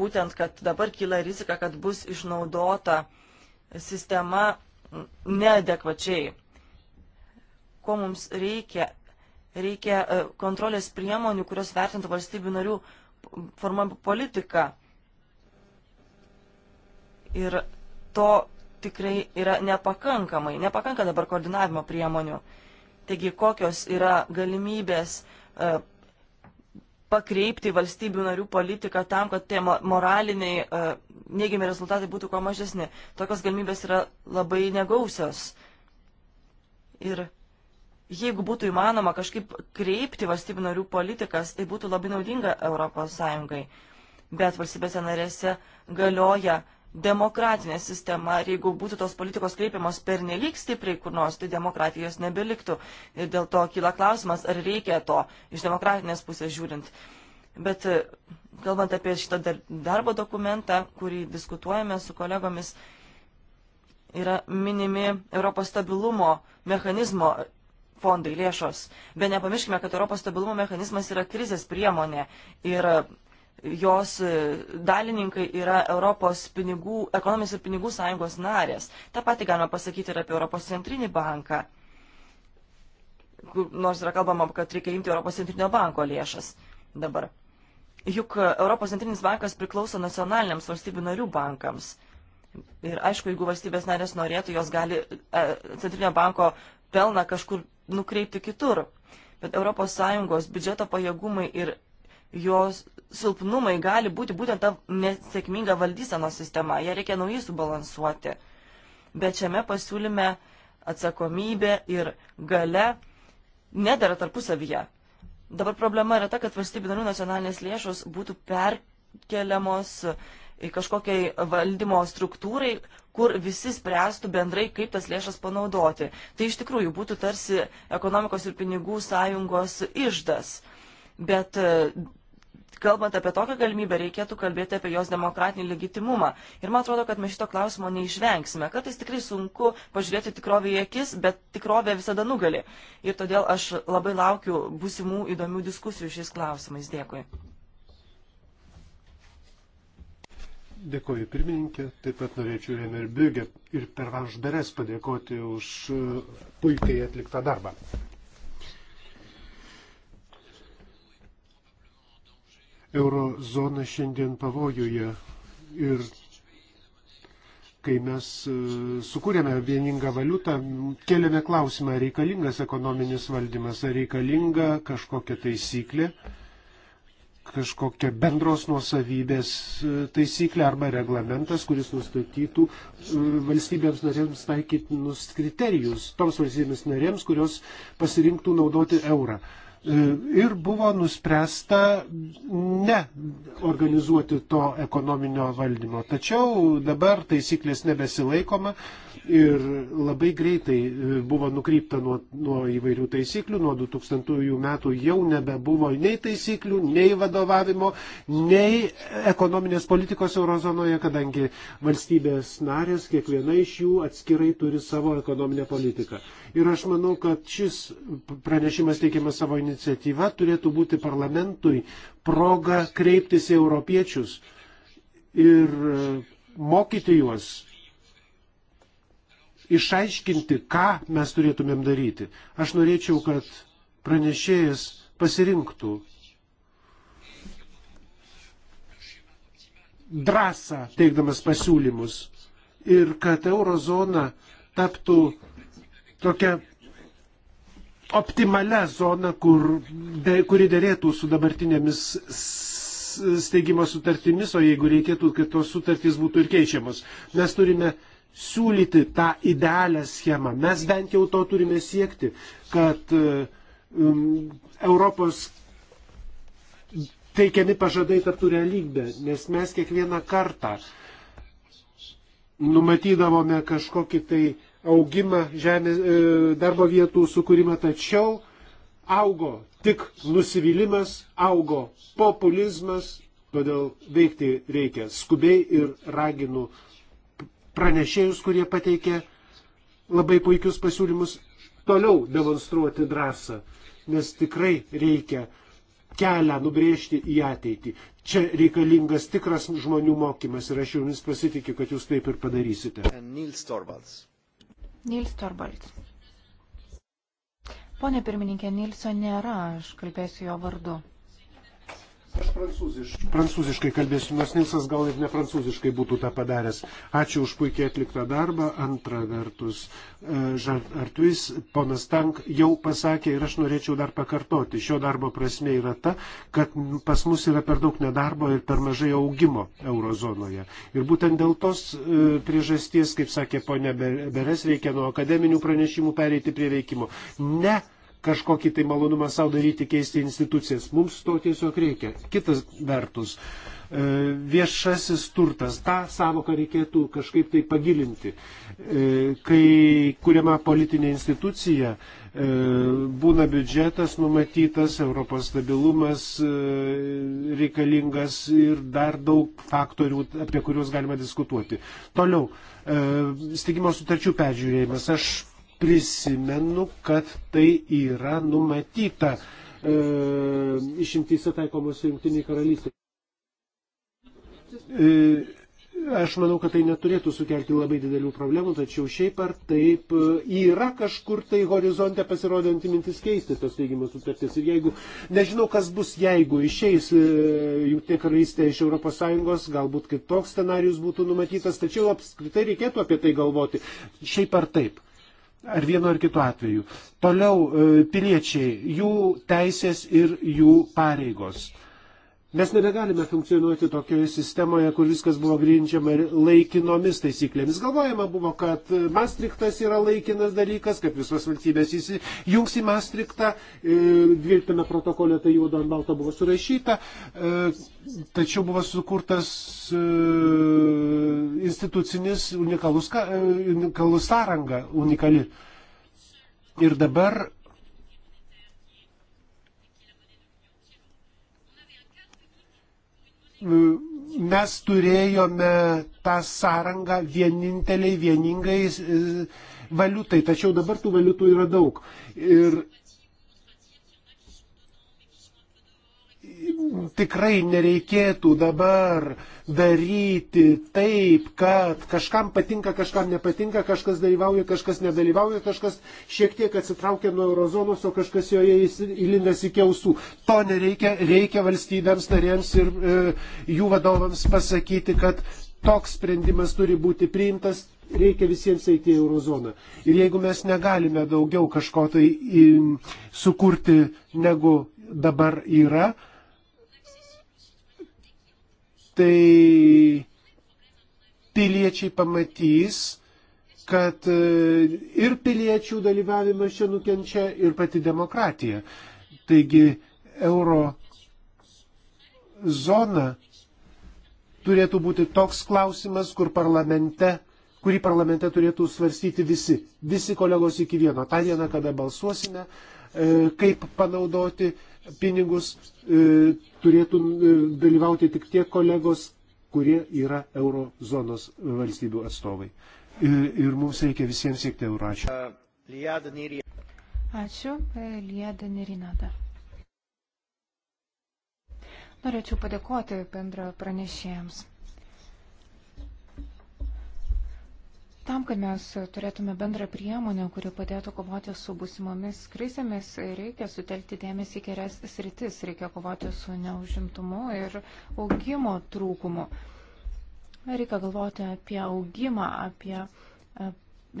Būtent, kad dabar kyla rizika, kad bus išnaudota sistema neadekvačiai. Ko mums reikia? Reikia e, kontrolės priemonių, kurios vertintų valstybių narių formą politiką. Ir to tikrai yra nepakankamai, nepakanka dabar koordinavimo priemonių. Taigi, kokios yra galimybės e, pakreipti valstybių narių politiką tam, kad tie moraliniai e, neigiami rezultatai būtų kuo mažesni. Tokios galimybės yra labai negausios. Ir jeigu būtų įmanoma kažkaip kreipti valstybių narių politikas, tai būtų labai naudinga ES. Bet valstybėse narėse galioja demokratinė sistema ir jeigu būtų tos politikos kreipiamos pernelyg stipriai kur nors, tai demokratijos nebeliktų. Ir dėl to kyla klausimas, ar reikia to iš demokratinės pusės žiūrint. Bet e, kalbant apie šitą darbo dokumentą, kurį diskutuojame su kolegomis, yra minimi Europos stabilumo mechanizmo fondai lėšos. Bet nepamirškime, kad Europos stabilumo mechanizmas yra krizės priemonė ir jos e, dalininkai yra Europos pinigų, ekonomijos ir pinigų sąjungos narės. Ta pati galima pasakyti ir apie Europos centrinį banką, nors yra kalbama, kad reikia imti Europos centrinio banko lėšas dabar. Juk Europos centrinis bankas priklauso nacionaliniams valstybių narių bankams. Ir aišku, jeigu valstybės narės norėtų, jos gali e, centrinio banko pelną kažkur nukreipti kitur. Bet ES biudžeto pajėgumai ir jos silpnumai gali būti būtent ta nesėkminga valdysenos sistema, ją reikia naujai subalansuoti. Bet šiame pasiūlyme atsakomybė ir gale nedara tarpusavyje. Dabar problema yra ta, kad valstybių narių nacionalinės lėšos būtų perkeliamos kažkokiai valdymo struktūrai, kur visi spręstų bendrai, kaip tas lėšas panaudoti. Tai iš tikrųjų būtų tarsi ekonomikos ir pinigų sąjungos išdas. Bet kalbant apie tokią galimybę, reikėtų kalbėti apie jos demokratinį legitimumą. Ir man atrodo, kad mes šito klausimo neišvengsime. Kartais tikrai sunku pažiūrėti tikrovį į akis, bet tikrovė visada nugali. Ir todėl aš labai laukiu būsimų įdomių diskusijų šiais klausimais. Dėkui. Dėkoju pirmininkė, taip pat norėčiau Remer Biugė ir Pervanš Beres padėkoti už puikiai atliktą darbą. Eurozona šiandien pavojuje ir kai mes e, sukūrėme vieningą valiutą, kėlėme klausimą, ar reikalingas ekonominis valdymas, ar reikalinga kažkokia taisyklė, kažkokia bendros nuosavybės e, taisyklė arba reglamentas, kuris nustatytų e, valstybėms narėms taikytinus kriterijus, toms valstybėms narėms, kurios pasirinktų naudoti eurą. E, ir buvo nuspręsta neorganizuoti to ekonominio valdymo. Tačiau dabar taisyklės nebesilaikoma ir labai greitai e, buvo nukrypta nuo, nuo įvairių taisyklių. Nuo 2000 metų jau nebebuvo nei taisyklių, nei vadovavimo, nei ekonominės politikos eurozonoje, kadangi valstybės narės, kiekviena iš jų atskirai turi savo ekonominę politiką. Ir aš manau, kad šis pranešimas teikiamas savo iniciatyvą iniciatyva turėtų būti parlamentui proga kreiptis į europiečius ir e, mokyti juos, išaiškinti, ką mes turėtumėm daryti. Aš norėčiau, kad pranešėjas pasirinktų drąsą teikdamas pasiūlymus ir kad eurozona taptų tokia optimalią zoną, kur, de, kuri dėrėtų su dabartinėmis steigimo sutartimis, o jeigu reikėtų, kad tos sutartys būtų ir keičiamos. Mes turime siūlyti tą idealią schemą. Mes bent jau to turime siekti, kad e, um, Europos teikiami pažadai taptų realybė, nes mes kiekvieną kartą numatydavome kažkokį tai uh, augimą, žemės, e, darbo vietų sukūrimą, tačiau augo tik nusivylimas, augo populizmas, todėl veikti reikia skubiai ir raginu pranešėjus, kurie pateikė labai puikius pasiūlymus, toliau demonstruoti drąsą, nes tikrai reikia kelią nubrėžti į ateitį. Čia reikalingas tikras žmonių mokymas ir aš jumis pasitikiu, kad jūs taip ir padarysite. Nils Torvalds. Nils Torbalds. Pone pirmininkė, Nilso nėra, aš kalbėsiu jo vardu. Aš prancūziš, prancūziškai kalbėsiu, nors Nilsas gal ir ne prancūziškai būtų tą padaręs. Ačiū už puikiai atliktą darbą. Antra vertus, Žartuis, e, ponas Tank jau pasakė ir aš norėčiau dar pakartoti. Šio darbo prasme yra ta, kad pas mus yra per daug nedarbo ir per mažai augimo eurozonoje. Ir būtent dėl tos e, priežasties, kaip sakė ponia Beres, reikia nuo akademinių pranešimų pereiti prie veikimo. Ne kažkokį tai malonumą savo daryti, keisti institucijas. Mums to tiesiog reikia. Kitas vertus, e, viešasis turtas, tą savoką reikėtų kažkaip tai pagilinti. E, kai kuriama politinė institucija, e, būna biudžetas numatytas, Europos stabilumas reikalingas ir dar daug faktorių, apie kuriuos galima diskutuoti. Toliau, steigimo sutarčių peržiūrėjimas. Aš prisimenu, kad tai yra numatyta e, išimtyse taikomos jungtiniai karalystė. E, aš manau, kad tai neturėtų sukelti labai didelių problemų, tačiau šiaip ar taip e, yra kažkur tai horizonte pasirodanti mintis keisti tos teigiamas sutartis. Ir jeigu, nežinau, kas bus, jeigu išeis e, jungtinė karalystė iš ES, galbūt kitoks scenarius būtų numatytas, tačiau apskritai reikėtų apie tai galvoti. Šiaip ar taip ar vienu ar kitu atveju. Toliau e, piliečiai, jų teisės ir jų pareigos. Mes nebegalime funkcionuoti tokioje sistemoje, kur viskas buvo grindžiama laikinomis taisyklėmis. Galvojama buvo, kad Maastrichtas yra laikinas dalykas, kad visos valstybės įsijungs į Maastrichtą. 12 e, protokolė tai juodo ant balto buvo surašyta, e, tačiau buvo sukurtas e, institucinis unikalus, unikalus sąranga, unikali. Ir dabar mes turėjome tą sąrangą vieninteliai, vieningai e, valiutai, tačiau dabar tų valiutų yra daug. Ir tikrai nereikėtų dabar daryti taip, kad kažkam patinka, kažkam nepatinka, kažkas dalyvauja, kažkas nedalyvauja, kažkas šiek tiek atsitraukia nuo eurozonos, o kažkas joje įlindęs iki ausų. To nereikia, reikia valstybėms narėms ir e, jų vadovams pasakyti, kad toks sprendimas turi būti priimtas. Reikia visiems eiti į eurozoną. Ir jeigu mes negalime daugiau kažko tai į, sukurti, negu dabar yra, tai piliečiai pamatys, kad e, ir piliečių dalyvavimas čia nukenčia ir pati demokratija. Taigi euro zona turėtų būti toks klausimas, kur parlamente, kurį parlamente turėtų svarstyti visi, visi kolegos iki vieno. Ta diena, kada balsuosime, e, kaip panaudoti pinigus e, turėtų e, dalyvauti tik tie kolegos, kurie yra eurozonos valstybių atstovai. Ir, e, ir mums reikia visiems siekti eurą. Ačiū. Ačiū, e, Lieda Nirinada. Norėčiau padėkoti bendra pranešėjams. Tam, kad mes turėtume bendrą priemonę, kuri padėtų kovoti su busimomis krizėmis, reikia sutelkti dėmesį į kelias sritis. Reikia kovoti su neužimtumu ir augimo trūkumu. Reikia galvoti apie augimą, apie e,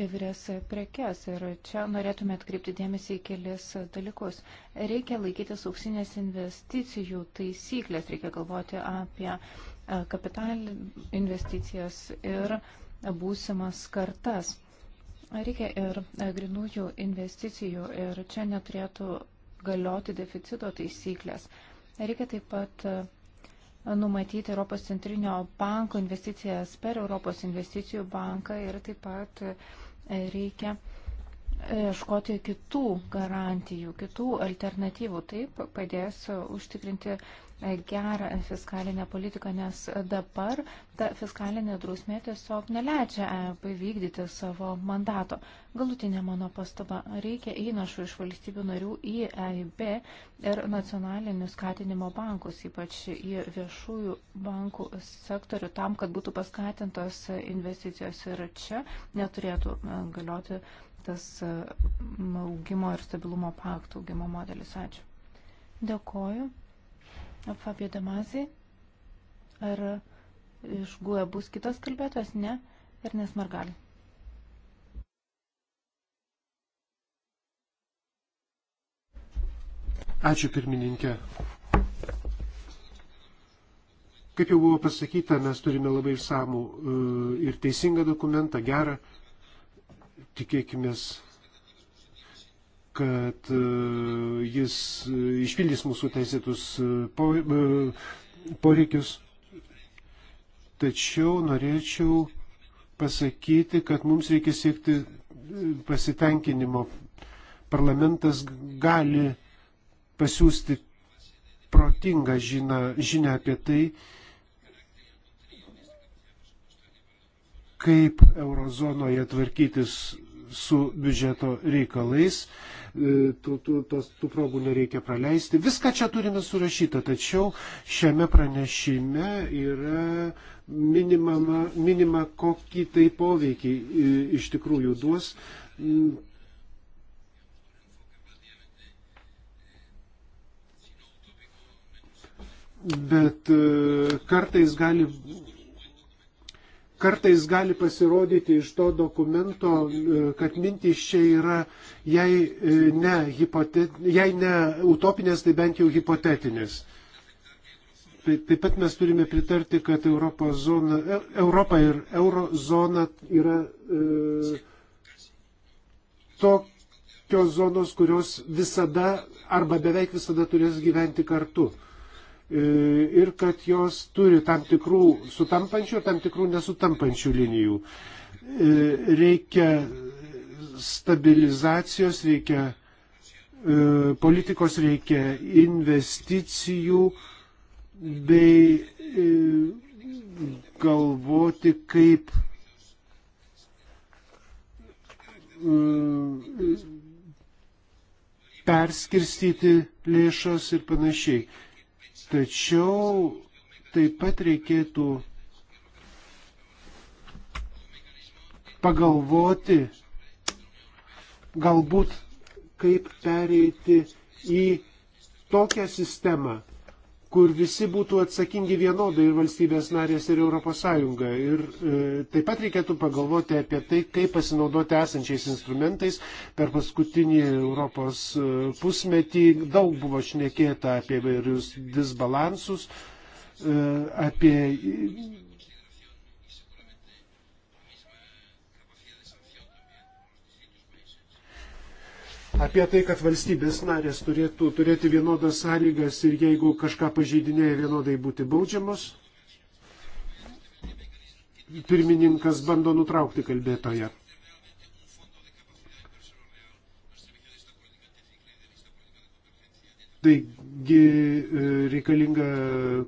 įvairias prekes. Ir čia norėtume atkreipti dėmesį į kelias dalykus. Reikia laikytis auksinės investicijų taisyklės. Reikia galvoti apie e, kapital investicijas ir būsimas kartas. Reikia ir e, grinųjų investicijų ir čia neturėtų galioti deficito taisyklės. Reikia taip pat e, numatyti Europos centrinio banko investicijas per Europos investicijų banką ir taip pat e, reikia ieškoti kitų garantijų, kitų alternatyvų. Taip padės užtikrinti gerą fiskalinę politiką, nes dabar ta fiskalinė drausmė tiesiog neleidžia EIB vykdyti savo mandato. Galutinė mano pastaba - reikia įnašų iš valstybių narių į EIB ir nacionalinius skatinimo bankus, ypač į viešųjų bankų sektorių, tam, kad būtų paskatintos investicijos ir čia neturėtų e, galioti tas e, augimo ir stabilumo paktų augimo modelis. Ačiū. Dėkoju. Fabio Damazai. Ar iš GUE bus kitas kalbėtojas? Ne. Ir nesmargali. Ačiū pirmininkė. Kaip jau buvo pasakyta, mes turime labai išsamų e, ir teisingą dokumentą, gerą. Tikėkime, kad e, jis išpildys mūsų teisėtus e, e, poreikius. Tačiau norėčiau pasakyti, kad mums reikia siekti pasitenkinimo. Parlamentas gali pasiūsti protingą žinią apie tai, kaip eurozonoje tvarkytis su biudžeto reikalais, e, tų, tų, tos, tų progų nereikia praleisti. Viską čia turime surašyta, tačiau šiame pranešime yra minimama, minima, kokį tai poveikį e, iš tikrųjų duos. Mm. Bet e, kartais gali kartais gali pasirodyti iš to dokumento, e, kad mintys čia yra, jei e, ne, hipotet, jei ne utopinės, tai bent jau hipotetinės. Tai taip pat mes turime pritarti, kad Europa, zona, e, Europa ir eurozona yra e, tokios zonos, kurios visada arba beveik visada turės gyventi kartu. E, E, ir kad jos turi tam tikrų sutampančių ir tam tikrų nesutampančių linijų. E, reikia stabilizacijos, reikia e, politikos, reikia investicijų bei galvoti, kaip mm, perskirstyti lėšas ir panašiai. Tačiau taip pat reikėtų pagalvoti, galbūt kaip pereiti į tokią sistemą, kur visi būtų atsakingi vienodai ir valstybės narės ir ES. Ir e, taip pat reikėtų pagalvoti apie tai, kaip pasinaudoti esančiais instrumentais. Per paskutinį Europos e, pusmetį daug buvo šnekėta apie vairius disbalansus, e, apie apie tai, kad valstybės narės turėtų turėti vienodas sąlygas ir jeigu kažką pažeidinėja vienodai būti baudžiamos. Pirmininkas bando nutraukti kalbėtoje. Taigi e, reikalinga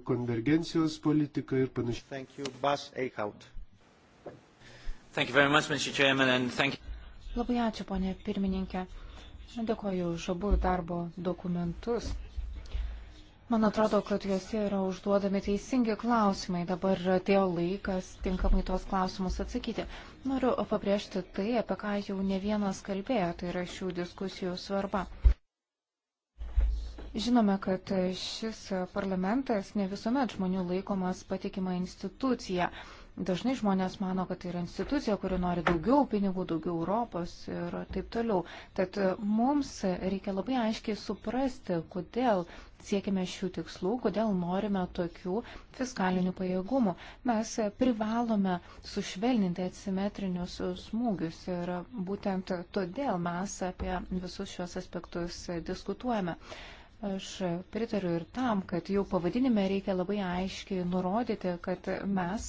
konvergencijos politika ir panašiai. Thank you, Bas Eichhout. Thank you very much, Mr. Chairman, and thank you. Labai ačiū, ponė pirmininkė. Dėkoju už abu darbo dokumentus. Man atrodo, kad juose yra užduodami teisingi klausimai. Dabar atėjo laikas tinkamai tuos klausimus atsakyti. Noriu pabrėžti tai, apie ką jau ne vienas kalbėjo, tai yra šių diskusijų svarba. Žinome, kad šis parlamentas ne visuomet žmonių laikomas patikima institucija. Dažnai žmonės mano, kad tai yra institucija, kuri nori daugiau pinigų, daugiau Europos ir taip toliau. Tad mums reikia labai aiškiai suprasti, kodėl siekime šių tikslų, kodėl norime tokių fiskalinių pajėgumų. Mes privalome sušvelninti atsimetrinius smūgius ir būtent todėl mes apie visus šios aspektus diskutuojame. Aš pritariu ir tam, kad jau pavadinime reikia labai aiškiai nurodyti, kad mes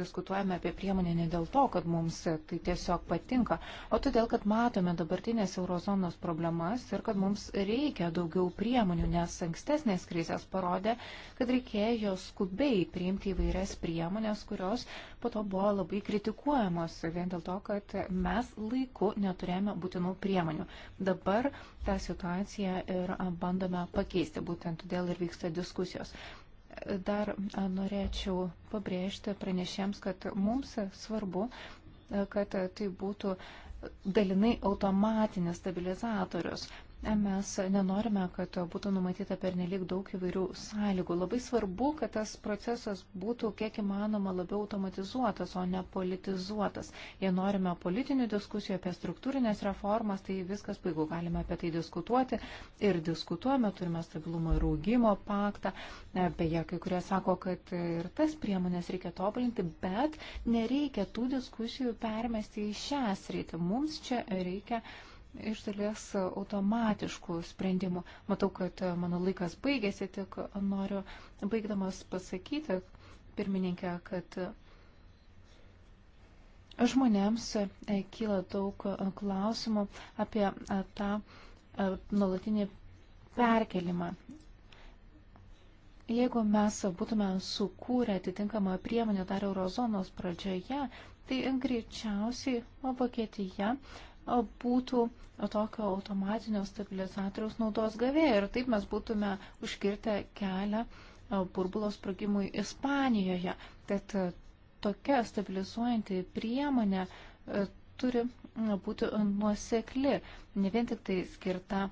diskutuojame apie priemonę ne dėl to, kad mums tai tiesiog patinka, o todėl, kad matome dabartinės eurozonos problemas ir kad mums reikia daugiau priemonių, nes ankstesnės krizės parodė, kad reikėjo skubiai priimti įvairias priemonės, kurios po to buvo labai kritikuojamos vien dėl to, kad mes laiku neturėjome būtinų priemonių. Dabar tą situaciją ir bandome pakeisti, būtent todėl ir vyksta diskusijos. Dar norėčiau pabrėžti pranešėms, kad mums svarbu, kad tai būtų dalinai automatinis stabilizatorius. Mes nenorime, kad būtų numatyta pernelyg daug įvairių sąlygų. Labai svarbu, kad tas procesas būtų kiek įmanoma labiau automatizuotas, o ne politizuotas. Jei norime politinių diskusijų apie struktūrinės reformas, tai viskas puiku, galime apie tai diskutuoti ir diskutuojame, turime stabilumo ir augimo paktą. Beje, kai kurie sako, kad ir tas priemonės reikia tobulinti, bet nereikia tų diskusijų permesti į šią sritį. Mums čia reikia iš dalies automatiškų sprendimų. Matau, kad mano laikas baigėsi, tik noriu baigdamas pasakyti, pirmininkė, kad žmonėms kyla daug klausimų apie tą nuolatinį perkelimą. Jeigu mes būtume sukūrę atitinkamą priemonę dar eurozonos pradžioje, tai greičiausiai Vokietija būtų tokio automatinio stabilizatoriaus naudos gavėjai. Ir taip mes būtume užkirtę kelią burbulo sprogimui Ispanijoje. Tad tokia stabilizuojanti priemonė turi būti nuosekli, ne vien tik tai skirta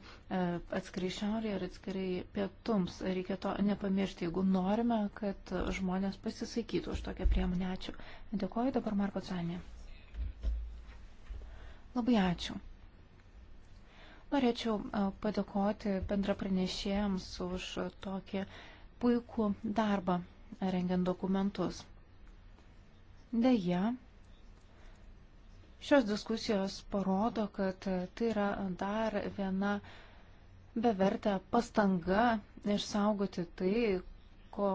atskirai šiaurėje ar atskirai pietums. Reikia to nepamiršti, jeigu norime, kad žmonės pasisakytų už tokią priemonę. Ačiū. Dėkuoju dabar Marko Canė. Labai ačiū. Norėčiau e, padėkoti bendrapranešėjams už tokį puikų darbą rengiant dokumentus. Deja, šios diskusijos parodo, kad tai yra dar viena bevertė pastanga išsaugoti tai, ko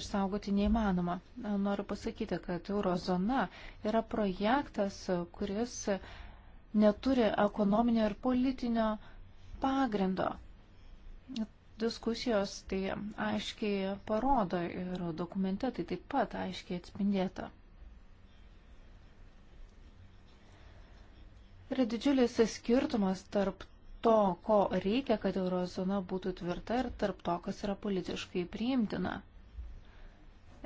išsaugoti neįmanoma. Noriu pasakyti, kad eurozona yra projektas, kuris neturi ekonominio ir politinio pagrindo. Diskusijos tai aiškiai parodo ir dokumente tai taip pat aiškiai atspindėta. Yra didžiulis skirtumas tarp to, ko reikia, kad eurozona būtų tvirta ir tarp to, kas yra politiškai priimtina.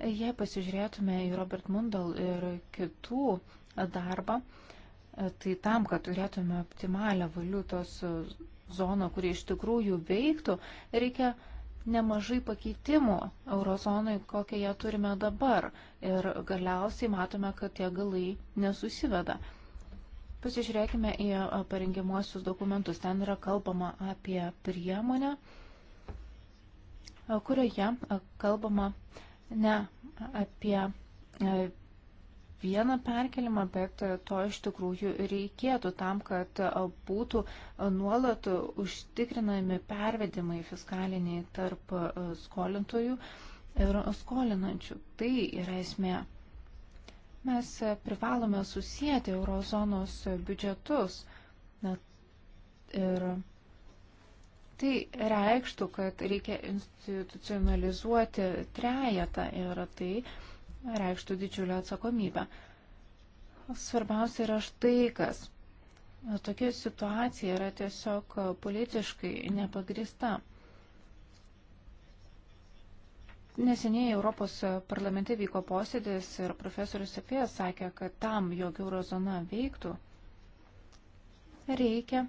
Jei pasižiūrėtume į Robert Mundal ir kitų darbą, tai tam, kad turėtume optimalią valiutos zoną, kuri iš tikrųjų veiktų, reikia nemažai pakeitimų eurozonai, kokią ją turime dabar. Ir galiausiai matome, kad tie galai nesusiveda. Pasižiūrėkime į parengimuosius dokumentus. Ten yra kalbama apie priemonę, kurioje kalbama ne apie e, vieną perkelimą, bet to iš tikrųjų reikėtų tam, kad e, būtų e, nuolat užtikrinami pervedimai fiskaliniai tarp skolintojų ir skolinančių. Tai yra esmė. Mes privalome susijęti eurozonos biudžetus. Net ir Tai reikštų, kad reikia institucionalizuoti trejetą ir tai reikštų didžiulę atsakomybę. Svarbiausia yra štai kas. Tokia situacija yra tiesiog politiškai nepagrista. Neseniai Europos parlamente vyko posėdis ir profesorius Sefijas sakė, kad tam, jog eurozona veiktų, reikia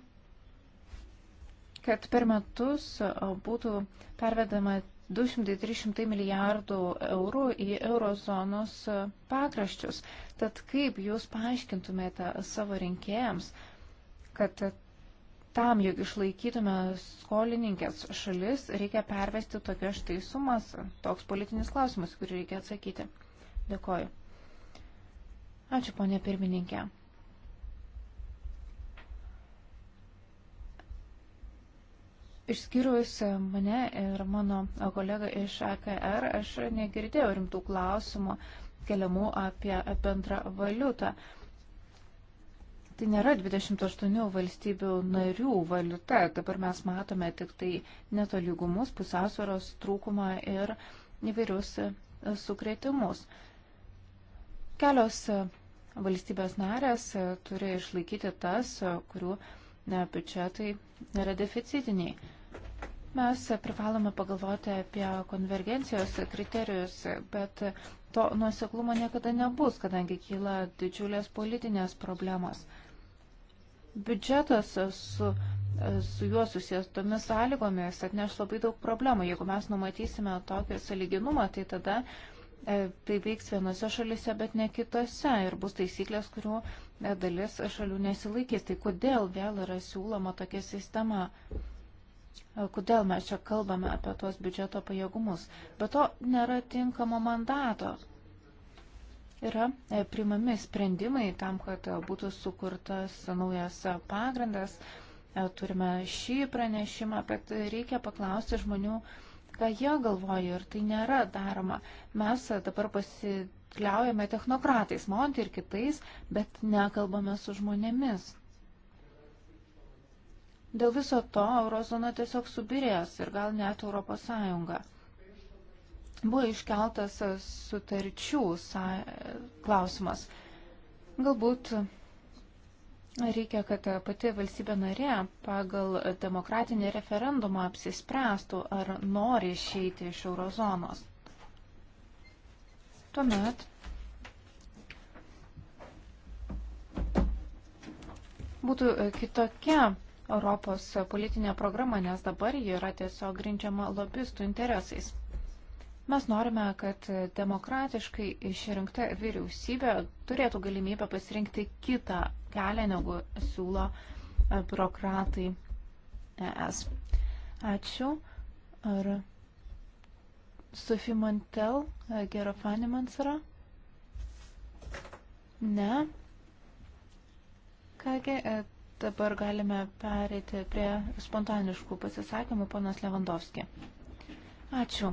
kad per metus būtų pervedama 200-300 milijardų eurų į eurozonos pakraščius. Tad kaip jūs paaiškintumėte savo rinkėjams, kad tam, jog išlaikytume skolininkės šalis, reikia pervesti tokias štai sumas? Toks politinis klausimas, kurį reikia atsakyti. Dėkoju. Ačiū, ponė pirmininkė. Išskyrus mane ir mano kolegą iš AKR, aš negirdėjau rimtų klausimų keliamų apie bendrą valiutą. Tai nėra 28 valstybių narių valiuta. Dabar mes matome tik tai netolygumus, pusiausvėros trūkumą ir įvairius sukretimus. Kelios valstybės narės turi išlaikyti tas, kurių biudžetai yra deficitiniai. Mes privalome pagalvoti apie konvergencijos kriterijus, bet to nuoseklumo niekada nebus, kadangi kyla didžiulės politinės problemos. Biudžetas su, su juo susijęs tomis sąlygomis atneš labai daug problemų. Jeigu mes numatysime tokį saliginumą, tai tada e, tai veiks vienose šalise, bet ne kitose ir bus taisyklės, kurių e, dalis šalių nesilaikys. Tai kodėl vėl yra siūloma tokia sistema? kodėl mes čia kalbame apie tuos biudžeto pajėgumus. Be to nėra tinkamo mandato. Yra e, primami sprendimai tam, kad e, būtų sukurtas naujas pagrindas. E, turime šį pranešimą, bet reikia paklausti žmonių, ką jie galvoja ir tai nėra daroma. Mes dabar pasikliaujame technokratais, Monti ir kitais, bet nekalbame su žmonėmis. Dėl viso to eurozona tiesiog subirės ir gal net Europos Sąjunga. Buvo iškeltas sutarčių klausimas. Galbūt reikia, kad pati valstybė narė pagal demokratinį referendumą apsispręstų, ar nori išeiti iš eurozonos. Tuomet būtų kitokia Europos politinę programą, nes dabar ji yra tiesiog grindžiama lobistų interesais. Mes norime, kad demokratiškai išrinkta vyriausybė turėtų galimybę pasirinkti kitą kelią, negu siūlo e, biurokratai ES. Ačiū. Ar Sophie Mantel, e, Gera Fanimans yra? Ne. Kągi, e, Dabar galime pereiti prie spontaniškų pasisakymų, ponas Levandovski. Ačiū.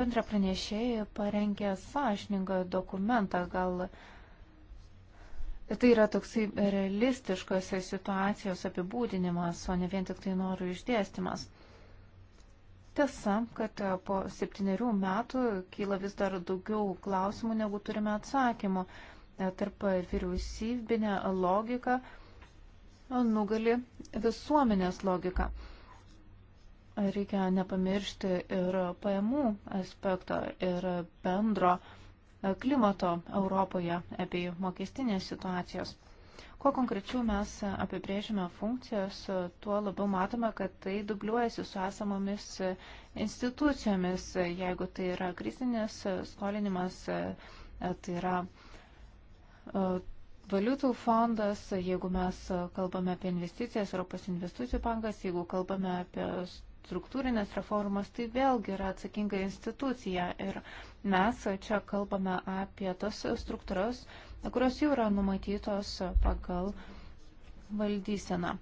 Bendra pranešėjai parengė sąžiningą dokumentą, gal tai yra toksai realistiškas situacijos apibūdinimas, o ne vien tik tai norų išdėstymas. Tiesa, kad po septyniarių metų kyla vis dar daugiau klausimų, negu turime atsakymų. E, tarp vyriausybinė logika e, nugali visuomenės logika. Reikia nepamiršti ir pajamų aspekto, ir bendro e, klimato Europoje apie mokestinės situacijos. Kuo konkrečiau mes apibrėžime funkcijas, tuo labiau matome, kad tai dubliuojasi su esamomis institucijomis, jeigu tai yra krizinis skolinimas, tai yra E, valiutų fondas, jeigu mes kalbame apie investicijas, Europos investicijų bankas, jeigu kalbame apie struktūrinės reformas, tai vėlgi yra atsakinga institucija. Ir mes čia kalbame apie tas struktūras, kurios jau yra numatytos pagal valdyseną.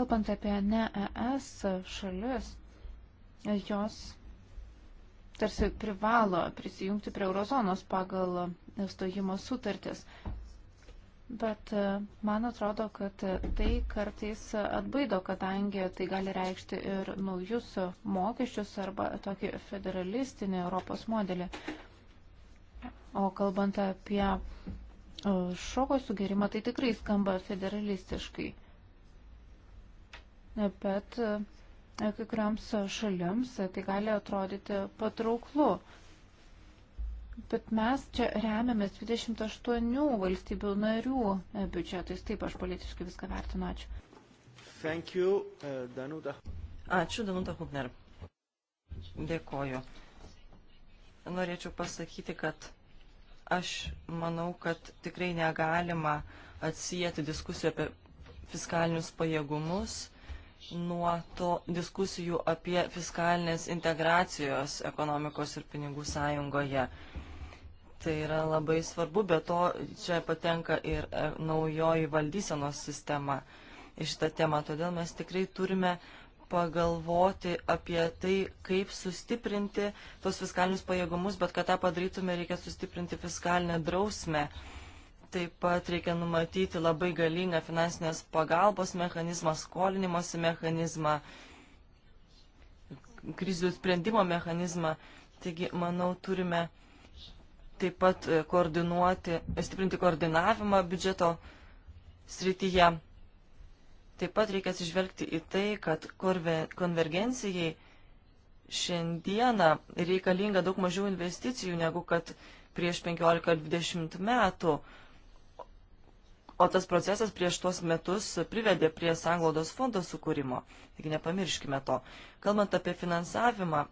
Kalbant apie ne ES šalis, jos tarsi privalo prisijungti prie eurozonos pagal stojimo sutartis. Bet e, man atrodo, kad tai kartais atbaido, kadangi tai gali reikšti ir naujus mokesčius arba tokį federalistinį Europos modelį. O kalbant apie e, šoko sugerimą, tai tikrai skamba federalistiškai. Bet e, E, kai kuriams šalims e, tai gali atrodyti patrauklu. Bet mes čia remiamės 28 valstybių narių e, biudžetais. Taip aš politiškai viską vertinu. Ačiū. Thank you, Danuta. Ačiū, Danuta Hubner. Dėkoju. Norėčiau pasakyti, kad aš manau, kad tikrai negalima atsijėti diskusijų apie fiskalinius pajėgumus nuo to diskusijų apie fiskalinės integracijos ekonomikos ir pinigų sąjungoje. Tai yra labai svarbu, bet to čia patenka ir e, naujoji valdysenos sistema į šitą temą. Todėl mes tikrai turime pagalvoti apie tai, kaip sustiprinti tos fiskalinius pajėgumus, bet kad tą padarytume, reikia sustiprinti fiskalinę drausmę. Uh, Taip pat reikia numatyti labai galingą finansinės pagalbos mechanizmą, skolinimosi mechanizmą, krizių sprendimo mechanizmą. Taigi, manau, turime taip pat e, koordinuoti, stiprinti koordinavimą biudžeto srityje. Taip pat reikia atsižvelgti į tai, kad konvergencijai šiandieną reikalinga daug mažiau investicijų negu kad prieš 15-20 metų. O tas procesas prieš tuos metus privedė prie sanglaudos fondo sukūrimo. Taigi nepamirškime to. Kalbant apie finansavimą,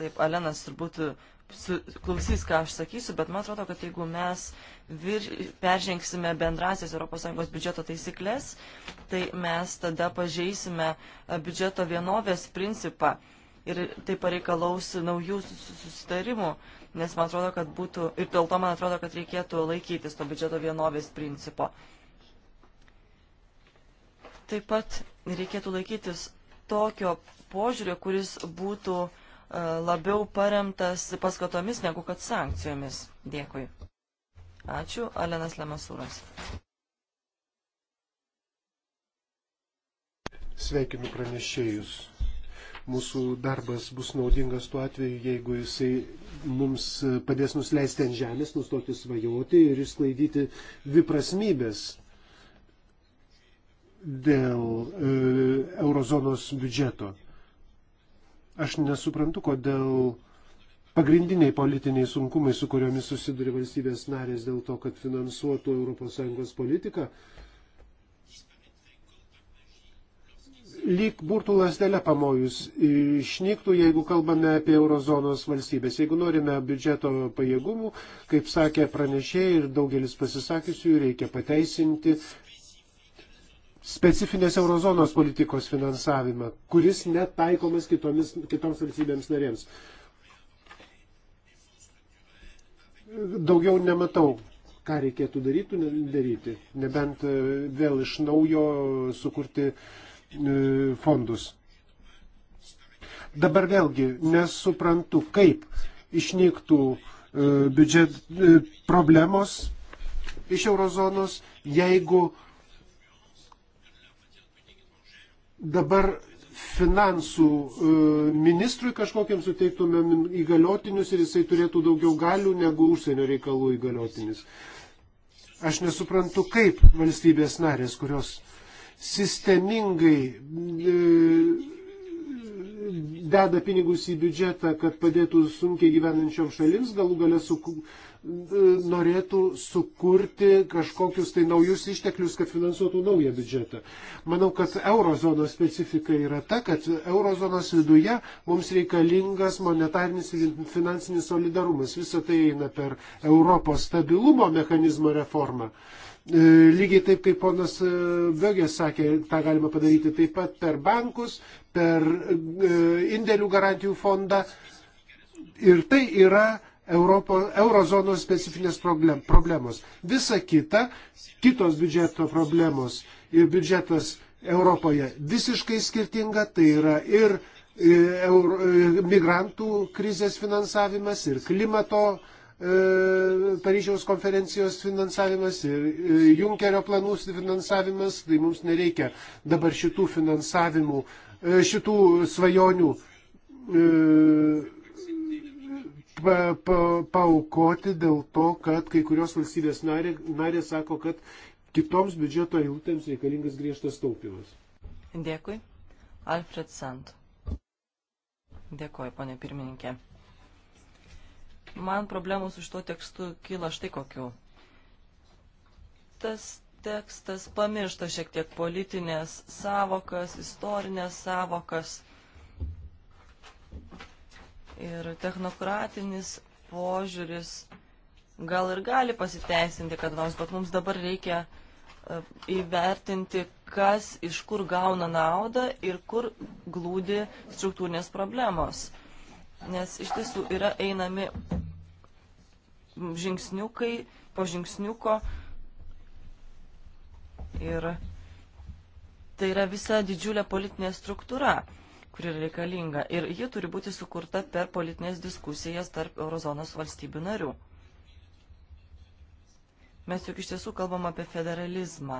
taip, Alenas turbūt su, klausys, ką aš sakysiu, bet man atrodo, kad jeigu mes vir, peržengsime bendrasis ES biudžeto taisyklės, tai mes tada pažeisime biudžeto vienovės principą ir tai pareikalaus naujų susitarimų, nes man atrodo, kad būtų, ir dėl to man atrodo, kad reikėtų laikytis to biudžeto vienovės principo. Taip pat reikėtų laikytis tokio požiūrio, kuris būtų uh, labiau paremtas paskatomis negu kad sankcijomis. Dėkui. Ačiū, Alenas Lemasūras. Sveikinu pranešėjus. Mūsų darbas bus naudingas tuo atveju, jeigu jisai mums e, padės nusileisti ant žemės, nustoti svajoti ir išsklaidyti dviprasmybės dėl e, eurozonos biudžeto. Aš nesuprantu, kodėl pagrindiniai politiniai sunkumai, su kuriomis susiduria valstybės narės dėl to, kad finansuotų ES politiką, lyg burtų lasdelė pamojus išnyktų, jeigu kalbame apie eurozonos valstybės. Jeigu norime biudžeto pajėgumų, kaip sakė pranešėjai ir daugelis pasisakysių, reikia pateisinti specifinės eurozonos politikos finansavimą, kuris netaikomas kitomis, kitoms valstybėms narėms. Daugiau nematau, ką reikėtų daryti, daryti nebent e, vėl iš naujo sukurti e, fondus. Dabar vėlgi nesuprantu, kaip išnyktų e, biudžet problemos iš eurozonos, jeigu uh, dabar finansų e, ministrui kažkokiam suteiktumėm įgaliotinius ir jisai turėtų daugiau galių negu užsienio reikalų įgaliotinis. Aš nesuprantu, kaip valstybės narės, kurios sistemingai e, deda pinigus į biudžetą, kad padėtų sunkiai gyvenančiom šalims, galų galę su, norėtų sukurti kažkokius tai naujus išteklius, kad finansuotų naują biudžetą. Manau, kad eurozonos specifika yra ta, kad eurozonos viduje mums reikalingas monetarinis ir finansinis solidarumas. Visą tai eina per Europos stabilumo mechanizmo reformą. E, lygiai taip, kaip ponas e, Bögės sakė, tą galima padaryti taip pat per bankus, per e, indėlių garantijų fondą. Ir tai yra Europo, eurozonos specifinės problem, problemos. Visa kita, kitos biudžeto problemos ir biudžetas Europoje visiškai skirtinga, tai yra ir e, euro, e, migrantų krizės finansavimas, ir klimato e, Paryžiaus konferencijos finansavimas ir Junkerio planų finansavimas, tai mums nereikia dabar šitų finansavimų, šitų svajonių pa, pa, paukoti dėl to, kad kai kurios valstybės narė, narė sako, kad kitoms biudžeto eilutėms reikalingas griežtas taupimas. Dėkui. Alfred Sant. Dėkuoju, ponė pirmininkė. Man problemų su šituo tekstu kyla štai kokiu. Tas tekstas pamiršta šiek tiek politinės savokas, istorinės savokas ir technokratinis požiūris gal ir gali pasiteisinti, kad nors, bet mums dabar reikia e, įvertinti, kas iš kur gauna naudą ir kur glūdi struktūrinės problemos. Nes iš tiesų yra einami žingsniukai po žingsniuko ir tai yra visa didžiulė politinė struktūra kuri yra reikalinga. Ir ji turi būti sukurta per politinės diskusijas tarp eurozonos valstybių narių. Mes juk iš tiesų kalbam apie federalizmą.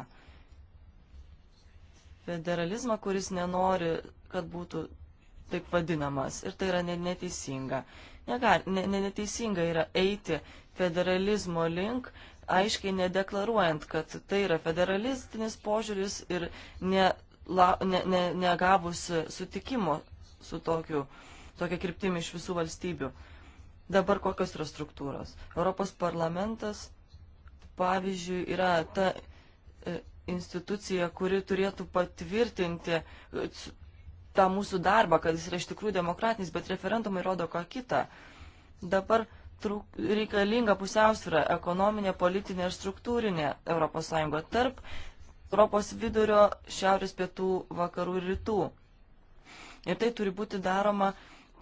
Federalizmą, kuris nenori, kad būtų taip vadinamas. Ir tai yra neteisinga. Negar, ne, ne, neteisinga yra eiti federalizmo link, aiškiai nedeklaruojant, kad tai yra federalistinis požiūris ir ne la, ne, ne, negavus sutikimo su tokiu, tokia kryptimi iš visų valstybių. Dabar kokios yra struktūros? Europos parlamentas, pavyzdžiui, yra ta e, institucija, kuri turėtų patvirtinti e, tą mūsų darbą, kad jis yra iš tikrųjų demokratinis, bet referendumai rodo ką kitą. Dabar truk, reikalinga pusiausvyrą ekonominė, politinė ir struktūrinė ES tarp Europos vidurio, šiaurės pietų, vakarų ir rytų. Ir tai turi būti daroma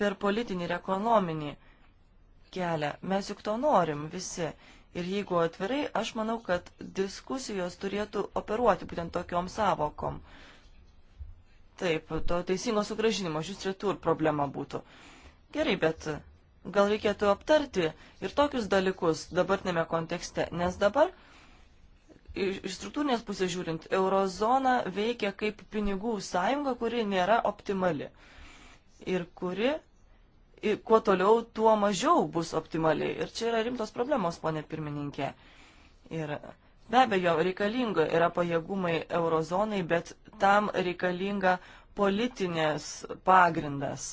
per politinį ir ekonominį kelią. Mes juk to norim visi. Ir jeigu atvirai, aš manau, kad diskusijos turėtų operuoti būtent tokiom savokom. Taip, to teisingo sugražinimo, žiūrėt, retur problema būtų. Gerai, bet gal reikėtų aptarti ir tokius dalykus dabartinėme kontekste, nes dabar iš struktūrinės pusės žiūrint, eurozona veikia kaip pinigų sąjunga, kuri nėra optimali. Ir kuri, ir kuo toliau, tuo mažiau bus optimali. Ir čia yra rimtos problemos, ponė pirmininkė. Ir be abejo, reikalinga yra pajėgumai eurozonai, bet tam reikalinga politinės pagrindas.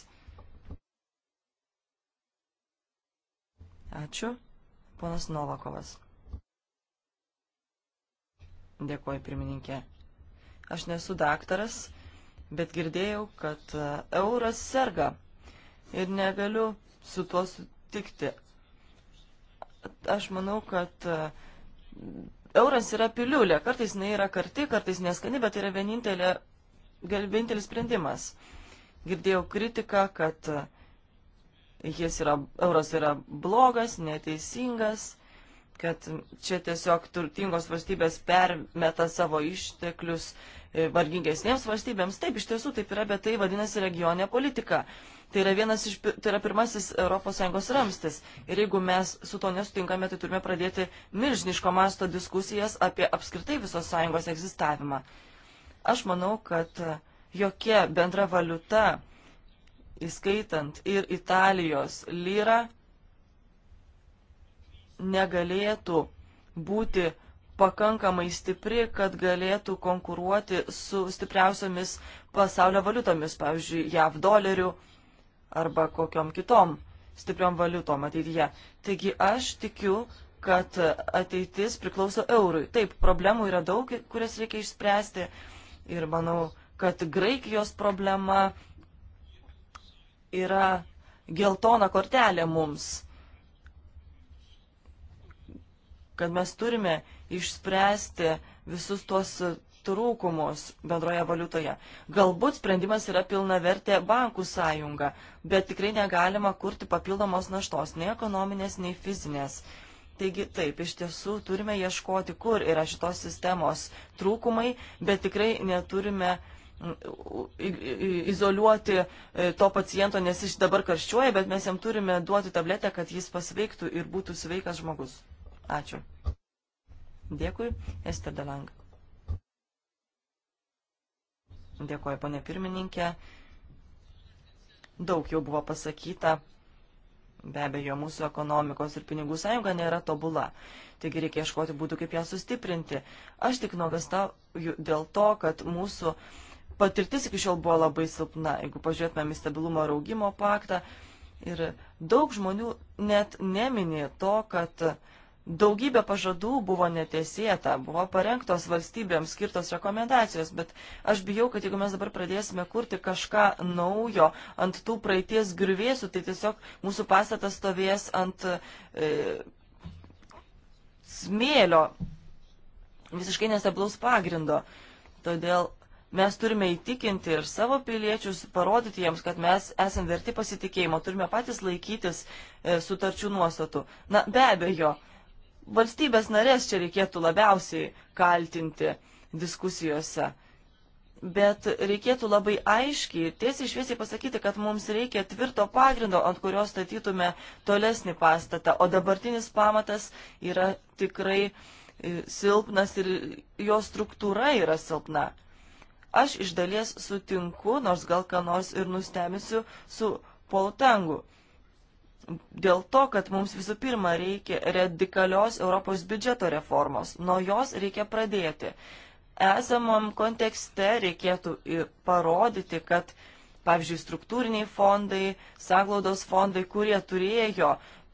Ačiū. Ponas Novakovas. Dėkuoju, pirmininkė. Aš nesu daktaras, bet girdėjau, kad e, euras serga ir negaliu su tuo sutikti. Aš manau, kad e, euras yra piliulė. Kartais jinai yra karti, kartais neskani, bet yra vienintelė, vienintelis sprendimas. Girdėjau kritiką, kad e, jis yra, euras yra blogas, neteisingas kad čia tiesiog turtingos valstybės permeta savo išteklius e, vargingesnėms valstybėms. Taip, iš tiesų taip yra, bet tai vadinasi regionė politika. Tai yra, vienas iš, tai yra pirmasis ES ramstis. Ir jeigu mes su to nesutinkame, tai turime pradėti milžiniško masto diskusijas apie apskritai visos sąjungos egzistavimą. Aš manau, kad jokia bendra valiuta, įskaitant ir Italijos lyrą, negalėtų būti pakankamai stipri, kad galėtų konkuruoti su stipriausiamis pasaulio valiutomis, pavyzdžiui, JAV dolerių arba kokiom kitom stipriom valiutom ateityje. Taigi aš tikiu, kad ateitis priklauso eurui. Taip, problemų yra daug, kurias reikia išspręsti ir manau, kad Graikijos problema yra geltona kortelė mums kad mes turime išspręsti visus tuos trūkumus bendroje valiutoje. Galbūt sprendimas yra pilna vertė bankų sąjunga, bet tikrai negalima kurti papildomos naštos, nei ekonominės, nei fizinės. Taigi taip, iš tiesų turime ieškoti, kur yra šitos sistemos trūkumai, bet tikrai neturime mm, izoliuoti e, to paciento, nes jis dabar karščiuoja, bet mes jam turime duoti tabletę, kad jis pasveiktų ir būtų sveikas žmogus. Ačiū. Dėkui, Ester Delang. Dėkuoju, ponė pirmininkė. Daug jau buvo pasakyta. Be abejo, mūsų ekonomikos ir pinigų sąjunga nėra tobula. Taigi reikia ieškoti būdų, kaip ją sustiprinti. Aš tik nuogastauju dėl to, kad mūsų patirtis iki šiol buvo labai silpna. Jeigu pažiūrėtumėm į stabilumo ir augimo paktą, ir daug žmonių net neminė to, kad uh, Daugybė pažadų buvo netesėta, buvo parengtos valstybėms skirtos rekomendacijos, bet aš bijau, kad jeigu mes dabar pradėsime kurti kažką naujo ant tų praeities griuvėsių, tai tiesiog mūsų pastatas stovės ant e, smėlio visiškai nestablaus pagrindo. Todėl mes turime įtikinti ir savo piliečius, parodyti jiems, kad mes esame verti pasitikėjimo, turime patys laikytis e, sutarčių nuostatų. Na, be abejo, e, valstybės narės čia reikėtų labiausiai kaltinti diskusijose. Bet reikėtų labai aiškiai ir tiesiai šviesiai pasakyti, kad mums reikia tvirto pagrindo, ant kurio statytume tolesnį pastatą, o dabartinis pamatas yra tikrai e, silpnas ir jo struktūra yra silpna. Aš iš dalies sutinku, nors gal ką nors ir nustemisiu, su Poltangu. Dėl to, kad mums visų pirma reikia radikalios Europos biudžeto reformos, nuo jos reikia pradėti. Esamam kontekste reikėtų parodyti, kad, pavyzdžiui, struktūriniai fondai, saglaudos fondai, kurie turėjo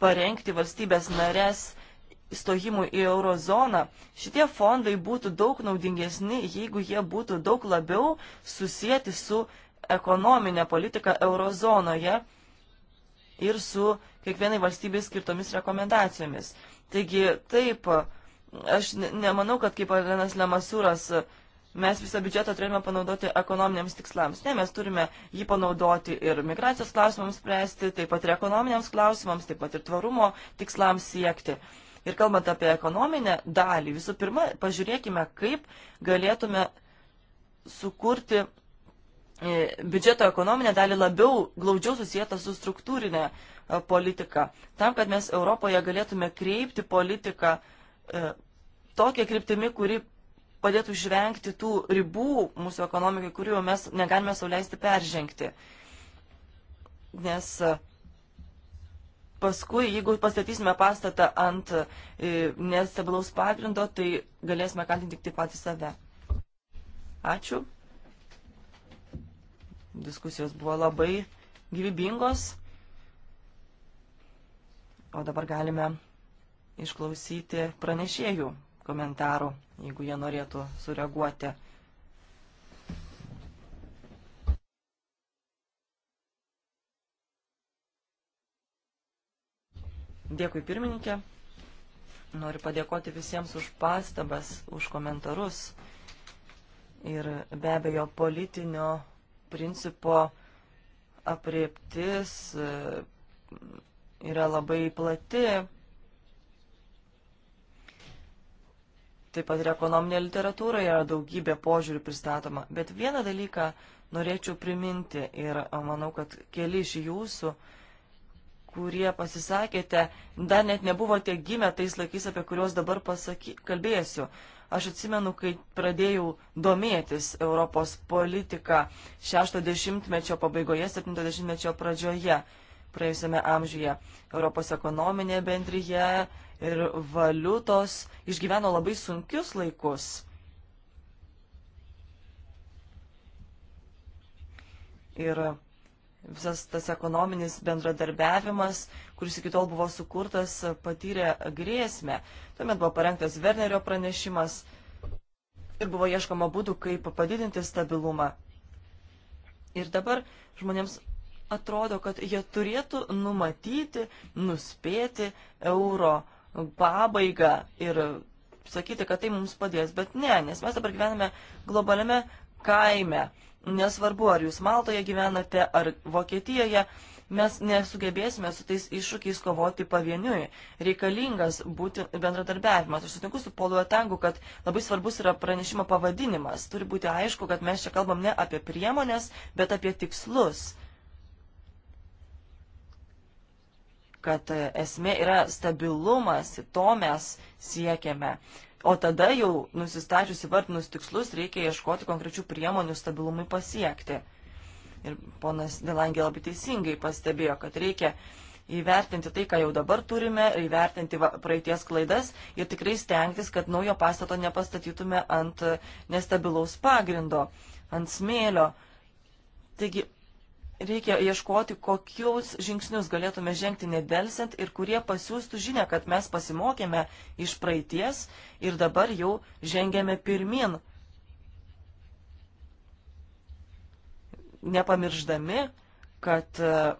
parengti valstybės narės stojimui į eurozoną, šitie fondai būtų daug naudingesni, jeigu jie būtų daug labiau susijęti su ekonominė politika eurozonoje. Ja? ir su kiekvienai valstybei skirtomis rekomendacijomis. Taigi taip, aš nemanau, kad kaip Alenas Lemasūras mes visą biudžetą turime panaudoti ekonominiams tikslams. Ne, mes turime jį panaudoti ir migracijos klausimams spręsti, taip pat ir ekonominiams klausimams, taip pat ir tvarumo tikslams siekti. Ir kalbant apie ekonominę dalį, visų pirma, pažiūrėkime, kaip galėtume sukurti E, biudžeto ekonominę dalį labiau glaudžiau susijęta su struktūrinė e, politika. Tam, kad mes Europoje galėtume kreipti politiką e, tokia kryptimi, kuri padėtų išvengti tų ribų mūsų ekonomikai, kurių mes negalime sauliaisti peržengti. Nes paskui, jeigu pastatysime pastatą ant nestabilaus pagrindo, tai galėsime kaltinti tik patį save. Ačiū. Diskusijos buvo labai gyvybingos. O dabar galime išklausyti pranešėjų komentarų, jeigu jie norėtų sureaguoti. Dėkui pirmininkė. Noriu padėkoti visiems už pastabas, už komentarus. Ir be abejo, politinio principo apriptis e, yra labai plati. Taip pat ir ekonominė literatūra yra daugybė požiūrių pristatoma. Bet vieną dalyką norėčiau priminti ir manau, kad keli iš jūsų, kurie pasisakėte, dar net nebuvote gimę tais laikais, apie kuriuos dabar pasaky, kalbėsiu. Aš atsimenu, kai pradėjau domėtis Europos politiką 60-mečio pabaigoje, 70-mečio pradžioje, praėjusiame amžiuje. Europos ekonominė bendryje ir valiutos išgyveno labai sunkius laikus. Ir visas tas ekonominis bendradarbiavimas kuris iki tol buvo sukurtas, patyrė grėsmę. Tuomet buvo parengtas Wernerio pranešimas ir buvo ieškoma būdų, kaip padidinti stabilumą. Ir dabar žmonėms atrodo, kad jie turėtų numatyti, nuspėti euro pabaigą ir sakyti, kad tai mums padės, bet ne, nes mes dabar gyvename globaliame kaime. Nesvarbu, ar jūs Maltoje gyvenate, ar Vokietijoje, mes nesugebėsime su tais iššūkiais kovoti pavieniui. Reikalingas būti bendradarbiavimas. Aš sutinku su Polu Etangu, kad labai svarbus yra pranešimo pavadinimas. Turi būti aišku, kad mes čia kalbam ne apie priemonės, bet apie tikslus. Kad e, esmė yra stabilumas, to mes siekiame. O tada jau nusistačius įvardinus tikslus reikia ieškoti konkrečių priemonių stabilumui pasiekti. Ir ponas Dilangė labai teisingai pastebėjo, kad reikia įvertinti tai, ką jau dabar turime, įvertinti praeities klaidas ir tikrai stengtis, kad naujo pastato nepastatytume ant nestabilaus pagrindo, ant smėlio. Taigi reikia ieškoti, kokius žingsnius galėtume žengti nedelsiant ir kurie pasiūstų žinę, kad mes pasimokėme iš praeities ir dabar jau žengėme pirmin nepamirždami, kad e,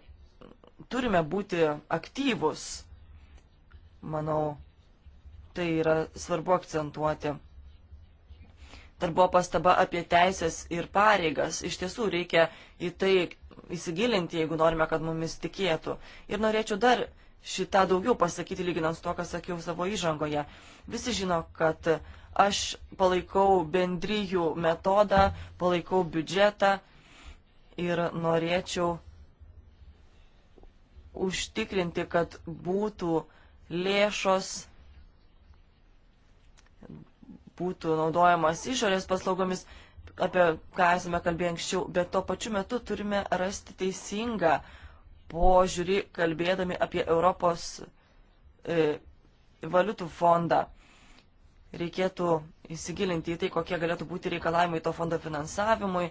turime būti aktyvus. Manau, tai yra svarbu akcentuoti. Dar buvo pastaba apie teisės ir pareigas. Iš tiesų reikia į tai įsigilinti, jeigu norime, kad mumis tikėtų. Ir norėčiau dar šitą daugiau pasakyti, lyginant su to, ką sakiau savo įžangoje. Visi žino, kad aš palaikau bendryjų metodą, palaikau biudžetą ir norėčiau užtikrinti, kad būtų lėšos, būtų naudojamas išorės paslaugomis, apie ką esame kalbėję anksčiau, bet tuo pačiu metu turime rasti teisingą požiūrį, kalbėdami apie Europos e, valiutų fondą. Reikėtų įsigilinti į tai, kokie galėtų būti reikalavimai to fondo finansavimui,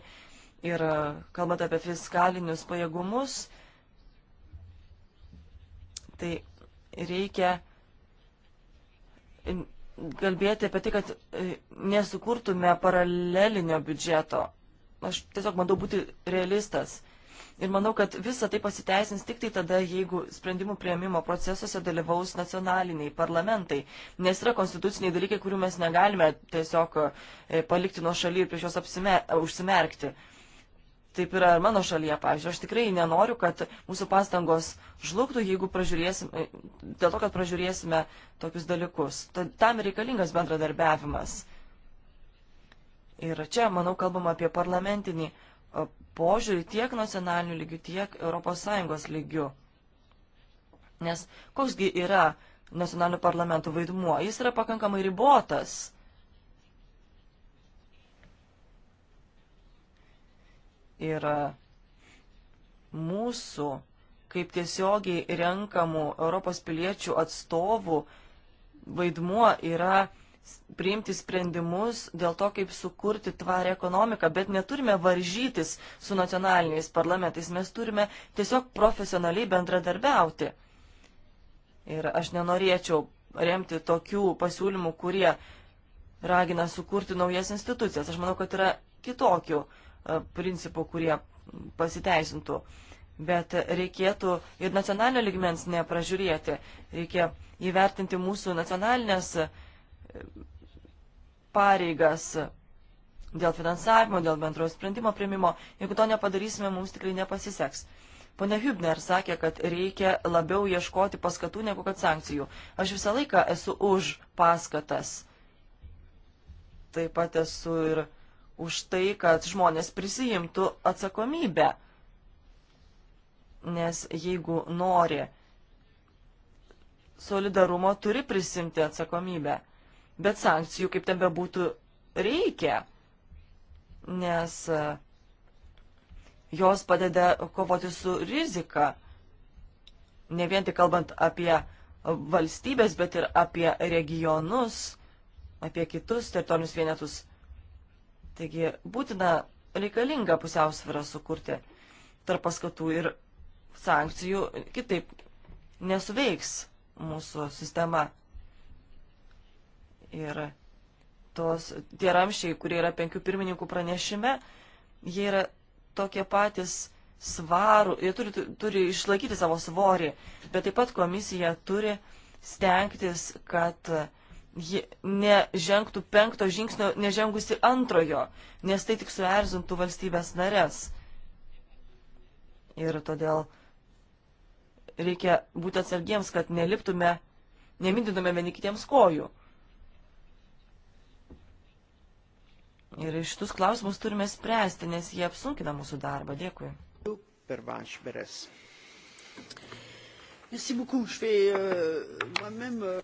Ir e, kalbant apie fiskalinius pajėgumus, tai reikia kalbėti apie tai, kad e, nesukurtume paralelinio biudžeto. Aš tiesiog bandau būti realistas. Ir manau, kad visa tai pasiteisins tik tai tada, jeigu sprendimų prieimimo procesuose dalyvaus nacionaliniai parlamentai, nes yra konstituciniai dalykai, kurių mes negalime tiesiog e, palikti nuo šaly ir prieš juos apsime, užsimerkti. Uh, Taip yra ir mano šalyje, pavyzdžiui. Aš tikrai nenoriu, kad mūsų pastangos žlugtų, jeigu pražiūrėsime, dėl to, kad pražiūrėsime tokius dalykus. Tam reikalingas bendradarbiavimas. Ir čia, manau, kalbam apie parlamentinį e, požiūrį tiek nacionalinių lygių, tiek ES lygių. Nes koksgi yra nacionalinių parlamentų vaidmuo? Jis yra pakankamai ribotas yra mūsų kaip tiesiogiai renkamų Europos piliečių atstovų vaidmuo yra priimti sprendimus dėl to, kaip sukurti tvarę ekonomiką, bet neturime varžytis su nacionaliniais parlamentais, mes turime tiesiog profesionaliai bendradarbiauti. Ir aš nenorėčiau remti tokių pasiūlymų, kurie ragina sukurti naujas institucijas. Aš manau, kad yra kitokių E, principų, kurie pasiteisintų. Bet reikėtų ir nacionalinio ligmens nepražiūrėti. Reikia įvertinti mūsų nacionalinės e, pareigas dėl finansavimo, dėl bendrojo sprendimo primimo. Jeigu to nepadarysime, mums tikrai nepasiseks. Pone Hübner sakė, kad reikia labiau ieškoti paskatų negu kad sankcijų. Aš visą laiką esu už paskatas. Taip pat esu ir už tai, kad žmonės prisijimtų atsakomybę. Nes jeigu nori solidarumo, turi prisimti atsakomybę. Bet sankcijų, kaip ten bebūtų, reikia. Nes e, jos padeda kovoti su rizika. Ne vien tik kalbant apie valstybės, bet ir apie regionus, apie kitus teritorinius vienetus. Taigi būtina reikalinga pusiausvyrą sukurti tarp paskatų ir sankcijų, kitaip nesuveiks mūsų sistema. Ir tos, tie ramščiai, kurie yra penkių pirmininkų pranešime, jie yra tokie patys svarų, jie turi, turi išlaikyti savo svorį, bet taip pat komisija turi stengtis, kad uh, ji nežengtų penkto žingsnio, nežengusi antrojo, nes tai tik suerzintų valstybės narės. Ir todėl reikia būti atsargiems, kad neliptume, nemindintume vieni kitiems kojų. Ir šitus klausimus turime spręsti, nes jie apsunkina mūsų darbą. Dėkui. Merci beaucoup. Je vais euh, moi-même. Euh...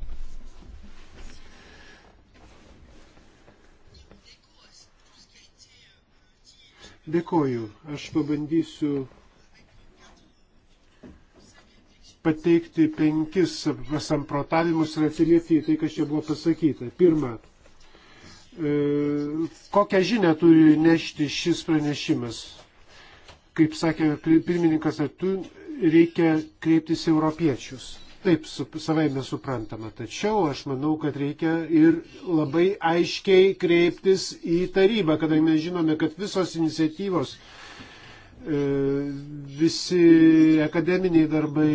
Dėkoju. Aš pabandysiu pateikti penkis pasamprotavimus ir atsiliepti į tai, kas čia buvo pasakyta. Pirma, e, kokią žinę turi nešti šis pranešimas? Kaip sakė pirmininkas, ar tu reikia kreiptis europiečius? taip su, savaime suprantama. Tačiau aš manau, kad reikia ir labai aiškiai kreiptis į tarybą, kadangi mes žinome, kad visos iniciatyvos, e, visi akademiniai darbai,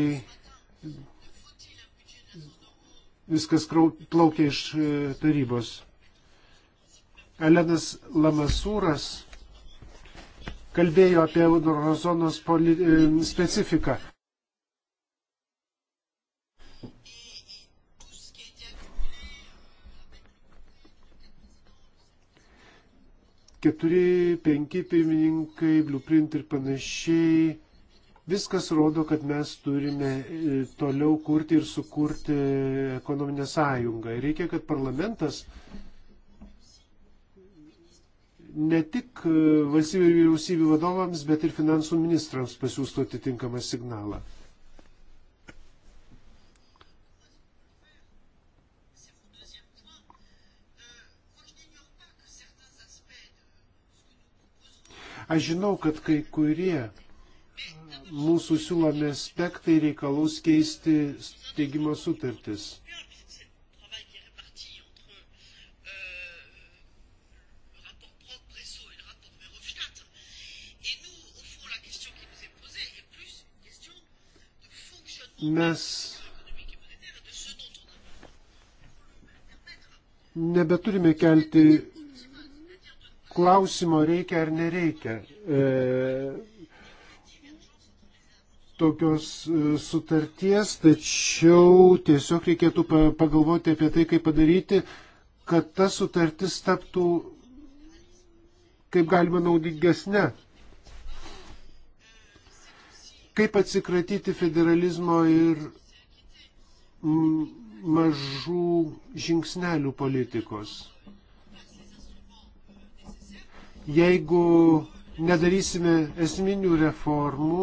viskas plaukia iš e, tarybos. Elenas Lamasūras kalbėjo apie eurozonos e, specifiką. Keturi, penki pirmininkai, blueprint ir panašiai. Viskas rodo, kad mes turime e, toliau kurti ir sukurti ekonominę sąjungą. Reikia, kad parlamentas ne tik e, valstybių ir vyriausybių vadovams, bet ir finansų ministrams pasiūstų atitinkamą signalą. Aš žinau, kad kai kurie mūsų siūlomi aspektai reikalaus keisti steigimo sutartis. Mes nebeturime kelti klausimo reikia ar nereikia e, tokios e, sutarties, tačiau tiesiog reikėtų pagalvoti apie tai, kaip padaryti, kad ta sutartis taptų kaip galima naudingesnė. Kaip atsikratyti federalizmo ir mažų žingsnelių politikos. Jeigu nedarysime esminių reformų,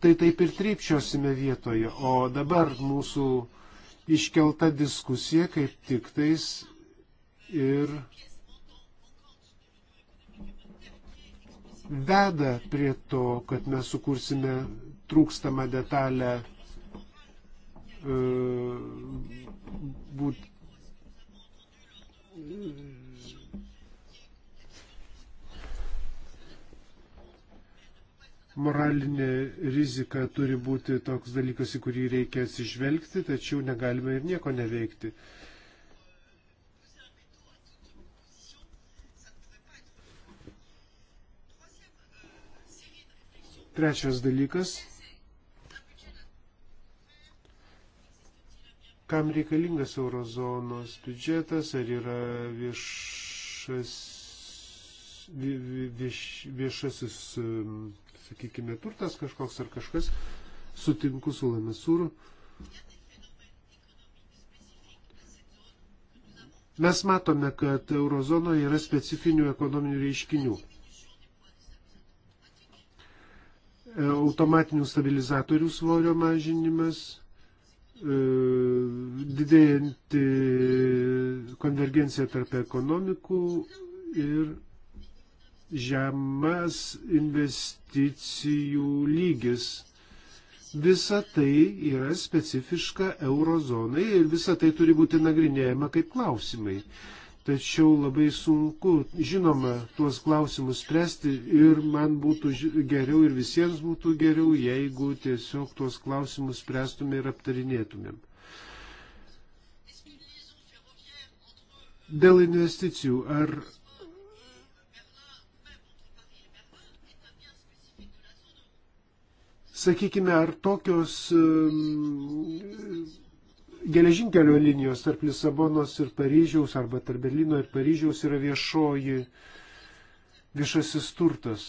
tai taip ir trypčiosime vietoje. O dabar mūsų iškelta diskusija kaip tik tais ir veda prie to, kad mes sukursime trūkstamą detalę e, būt moralinė rizika turi būti toks dalykas, į kurį reikia atsižvelgti, tačiau negalime ir nieko neveikti. Trečias dalykas. Kam reikalingas eurozonos biudžetas, ar yra viešas, vieš, viešasis um, sakykime, turtas kažkoks ar kažkas, sutinku su Lamesūru. Mes matome, kad eurozonoje yra specifinių ekonominių reiškinių. E, automatinių stabilizatorių svorio mažinimas, e, didėjanti konvergencija tarp ekonomikų ir žemas investicijų lygis. Visa tai yra specifiška eurozonai ir visa tai turi būti nagrinėjama kaip klausimai. Tačiau labai sunku, žinoma, tuos klausimus spręsti ir man būtų geriau ir visiems būtų geriau, jeigu tiesiog tuos klausimus spręstume ir aptarinėtumėm. Dėl investicijų, ar Sakykime, ar tokios geležinkelio linijos tarp Lisabonos ir Paryžiaus arba tarp Berlyno ir Paryžiaus yra viešoji, viešasis turtas.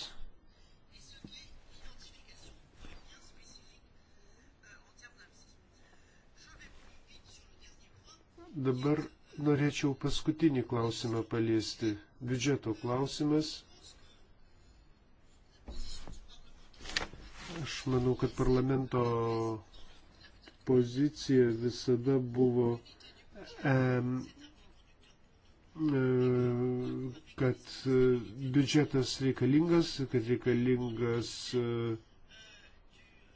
Dabar norėčiau paskutinį klausimą paliesti. Biudžeto klausimas Aš manau, kad parlamento pozicija visada buvo, e, e, kad biudžetas reikalingas, kad reikalingas e,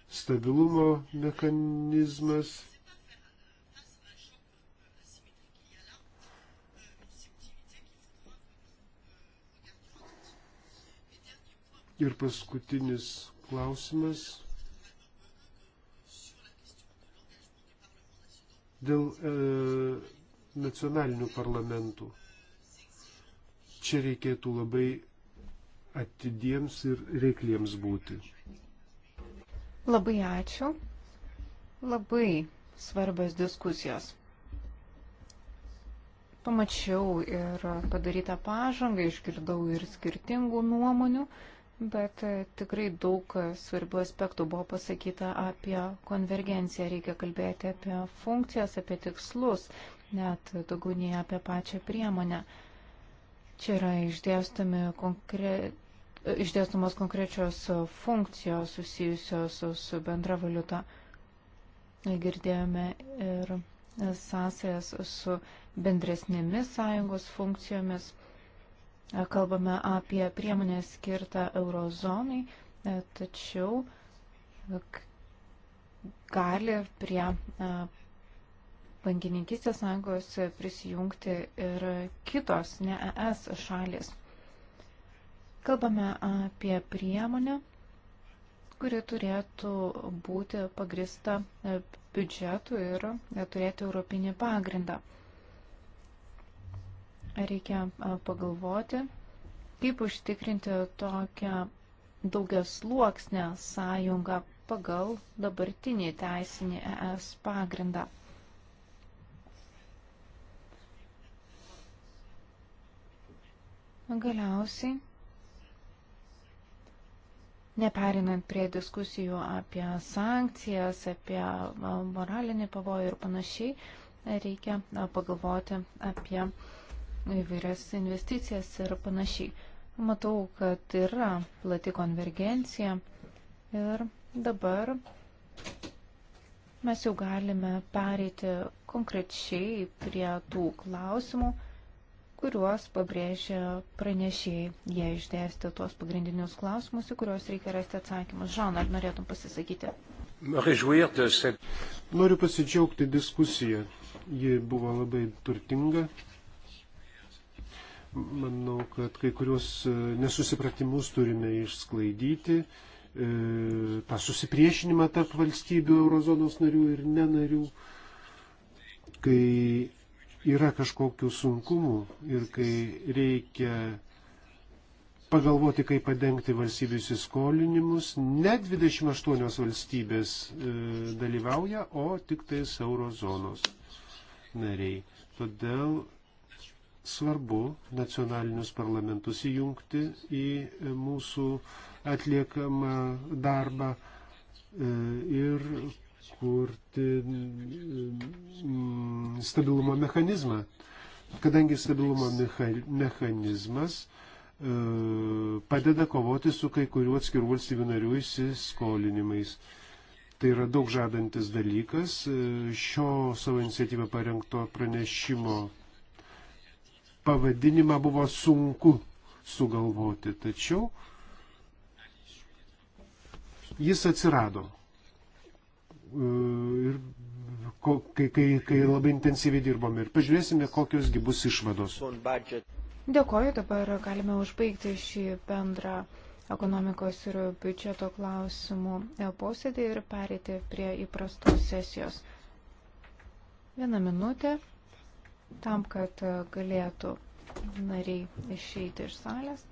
stabilumo mechanizmas. Ir paskutinis klausimas dėl e, nacionalinių parlamentų. Čia reikėtų labai atidiems ir reikliems būti. Labai ačiū. Labai svarbios diskusijos. Pamačiau ir padarytą pažangą, išgirdau ir skirtingų nuomonių. Bet e, tikrai daug e, svarbių aspektų buvo pasakyta apie konvergenciją. Reikia kalbėti apie funkcijas, apie tikslus, net daugiau nei apie pačią priemonę. Čia yra konkre... išdėstomos konkrečios funkcijos susijusios su bendra valiuta. Girdėjome ir sąsajas su bendresnėmis sąjungos funkcijomis kalbame apie priemonę skirtą eurozonai, e, tačiau e, gali prie e, bankininkistės sąjungos prisijungti ir kitos ne ES šalis. Kalbame apie priemonę, kuri turėtų būti pagrista biudžetu ir turėti europinį pagrindą reikia pagalvoti, kaip užtikrinti tokią daugias luoksnę sąjungą pagal dabartinį teisinį ES pagrindą. Galiausiai, neperinant prie diskusijų apie sankcijas, apie moralinį pavojų ir panašiai, reikia pagalvoti apie įvairias investicijas ir panašiai. Matau, kad yra plati konvergencija ir dabar mes jau galime pereiti konkrečiai prie tų klausimų, kuriuos pabrėžia pranešėjai. Jie išdėstė tuos pagrindinius klausimus, į kuriuos reikia rasti atsakymus. Žan, ar norėtum pasisakyti? Noriu pasidžiaugti diskusiją. Ji buvo labai turtinga, Manau, kad kai kurios e, nesusipratimus turime išsklaidyti, e, tą susipriešinimą tarp valstybių eurozonos narių ir nenarių, kai yra kažkokių sunkumų ir kai reikia pagalvoti, kaip padengti valstybių įsiskolinimus. Ne 28 valstybės e, dalyvauja, o tik tais eurozonos nariai. Todėl Svarbu nacionalinius parlamentus įjungti į mūsų atliekamą darbą e, ir kurti mm, stabilumo mechanizmą. Kadangi stabilumo mechanizmas e, padeda kovoti su kai kuriuo atskirų valstybių narių įsiskolinimais. Tai yra daug žadantis dalykas. E, šio savo iniciatyvą parengto pranešimo pavadinimą buvo sunku sugalvoti, tačiau jis atsirado. E, ir kai, kai, kai labai intensyviai dirbom ir pažiūrėsime, kokiosgi bus išvados. Dėkoju, dabar galime užbaigti šį bendrą ekonomikos ir biudžeto klausimų e, posėdį ir perėti prie įprastos sesijos. Vieną minutę tam, kad e, galėtų nariai išeiti iš salės.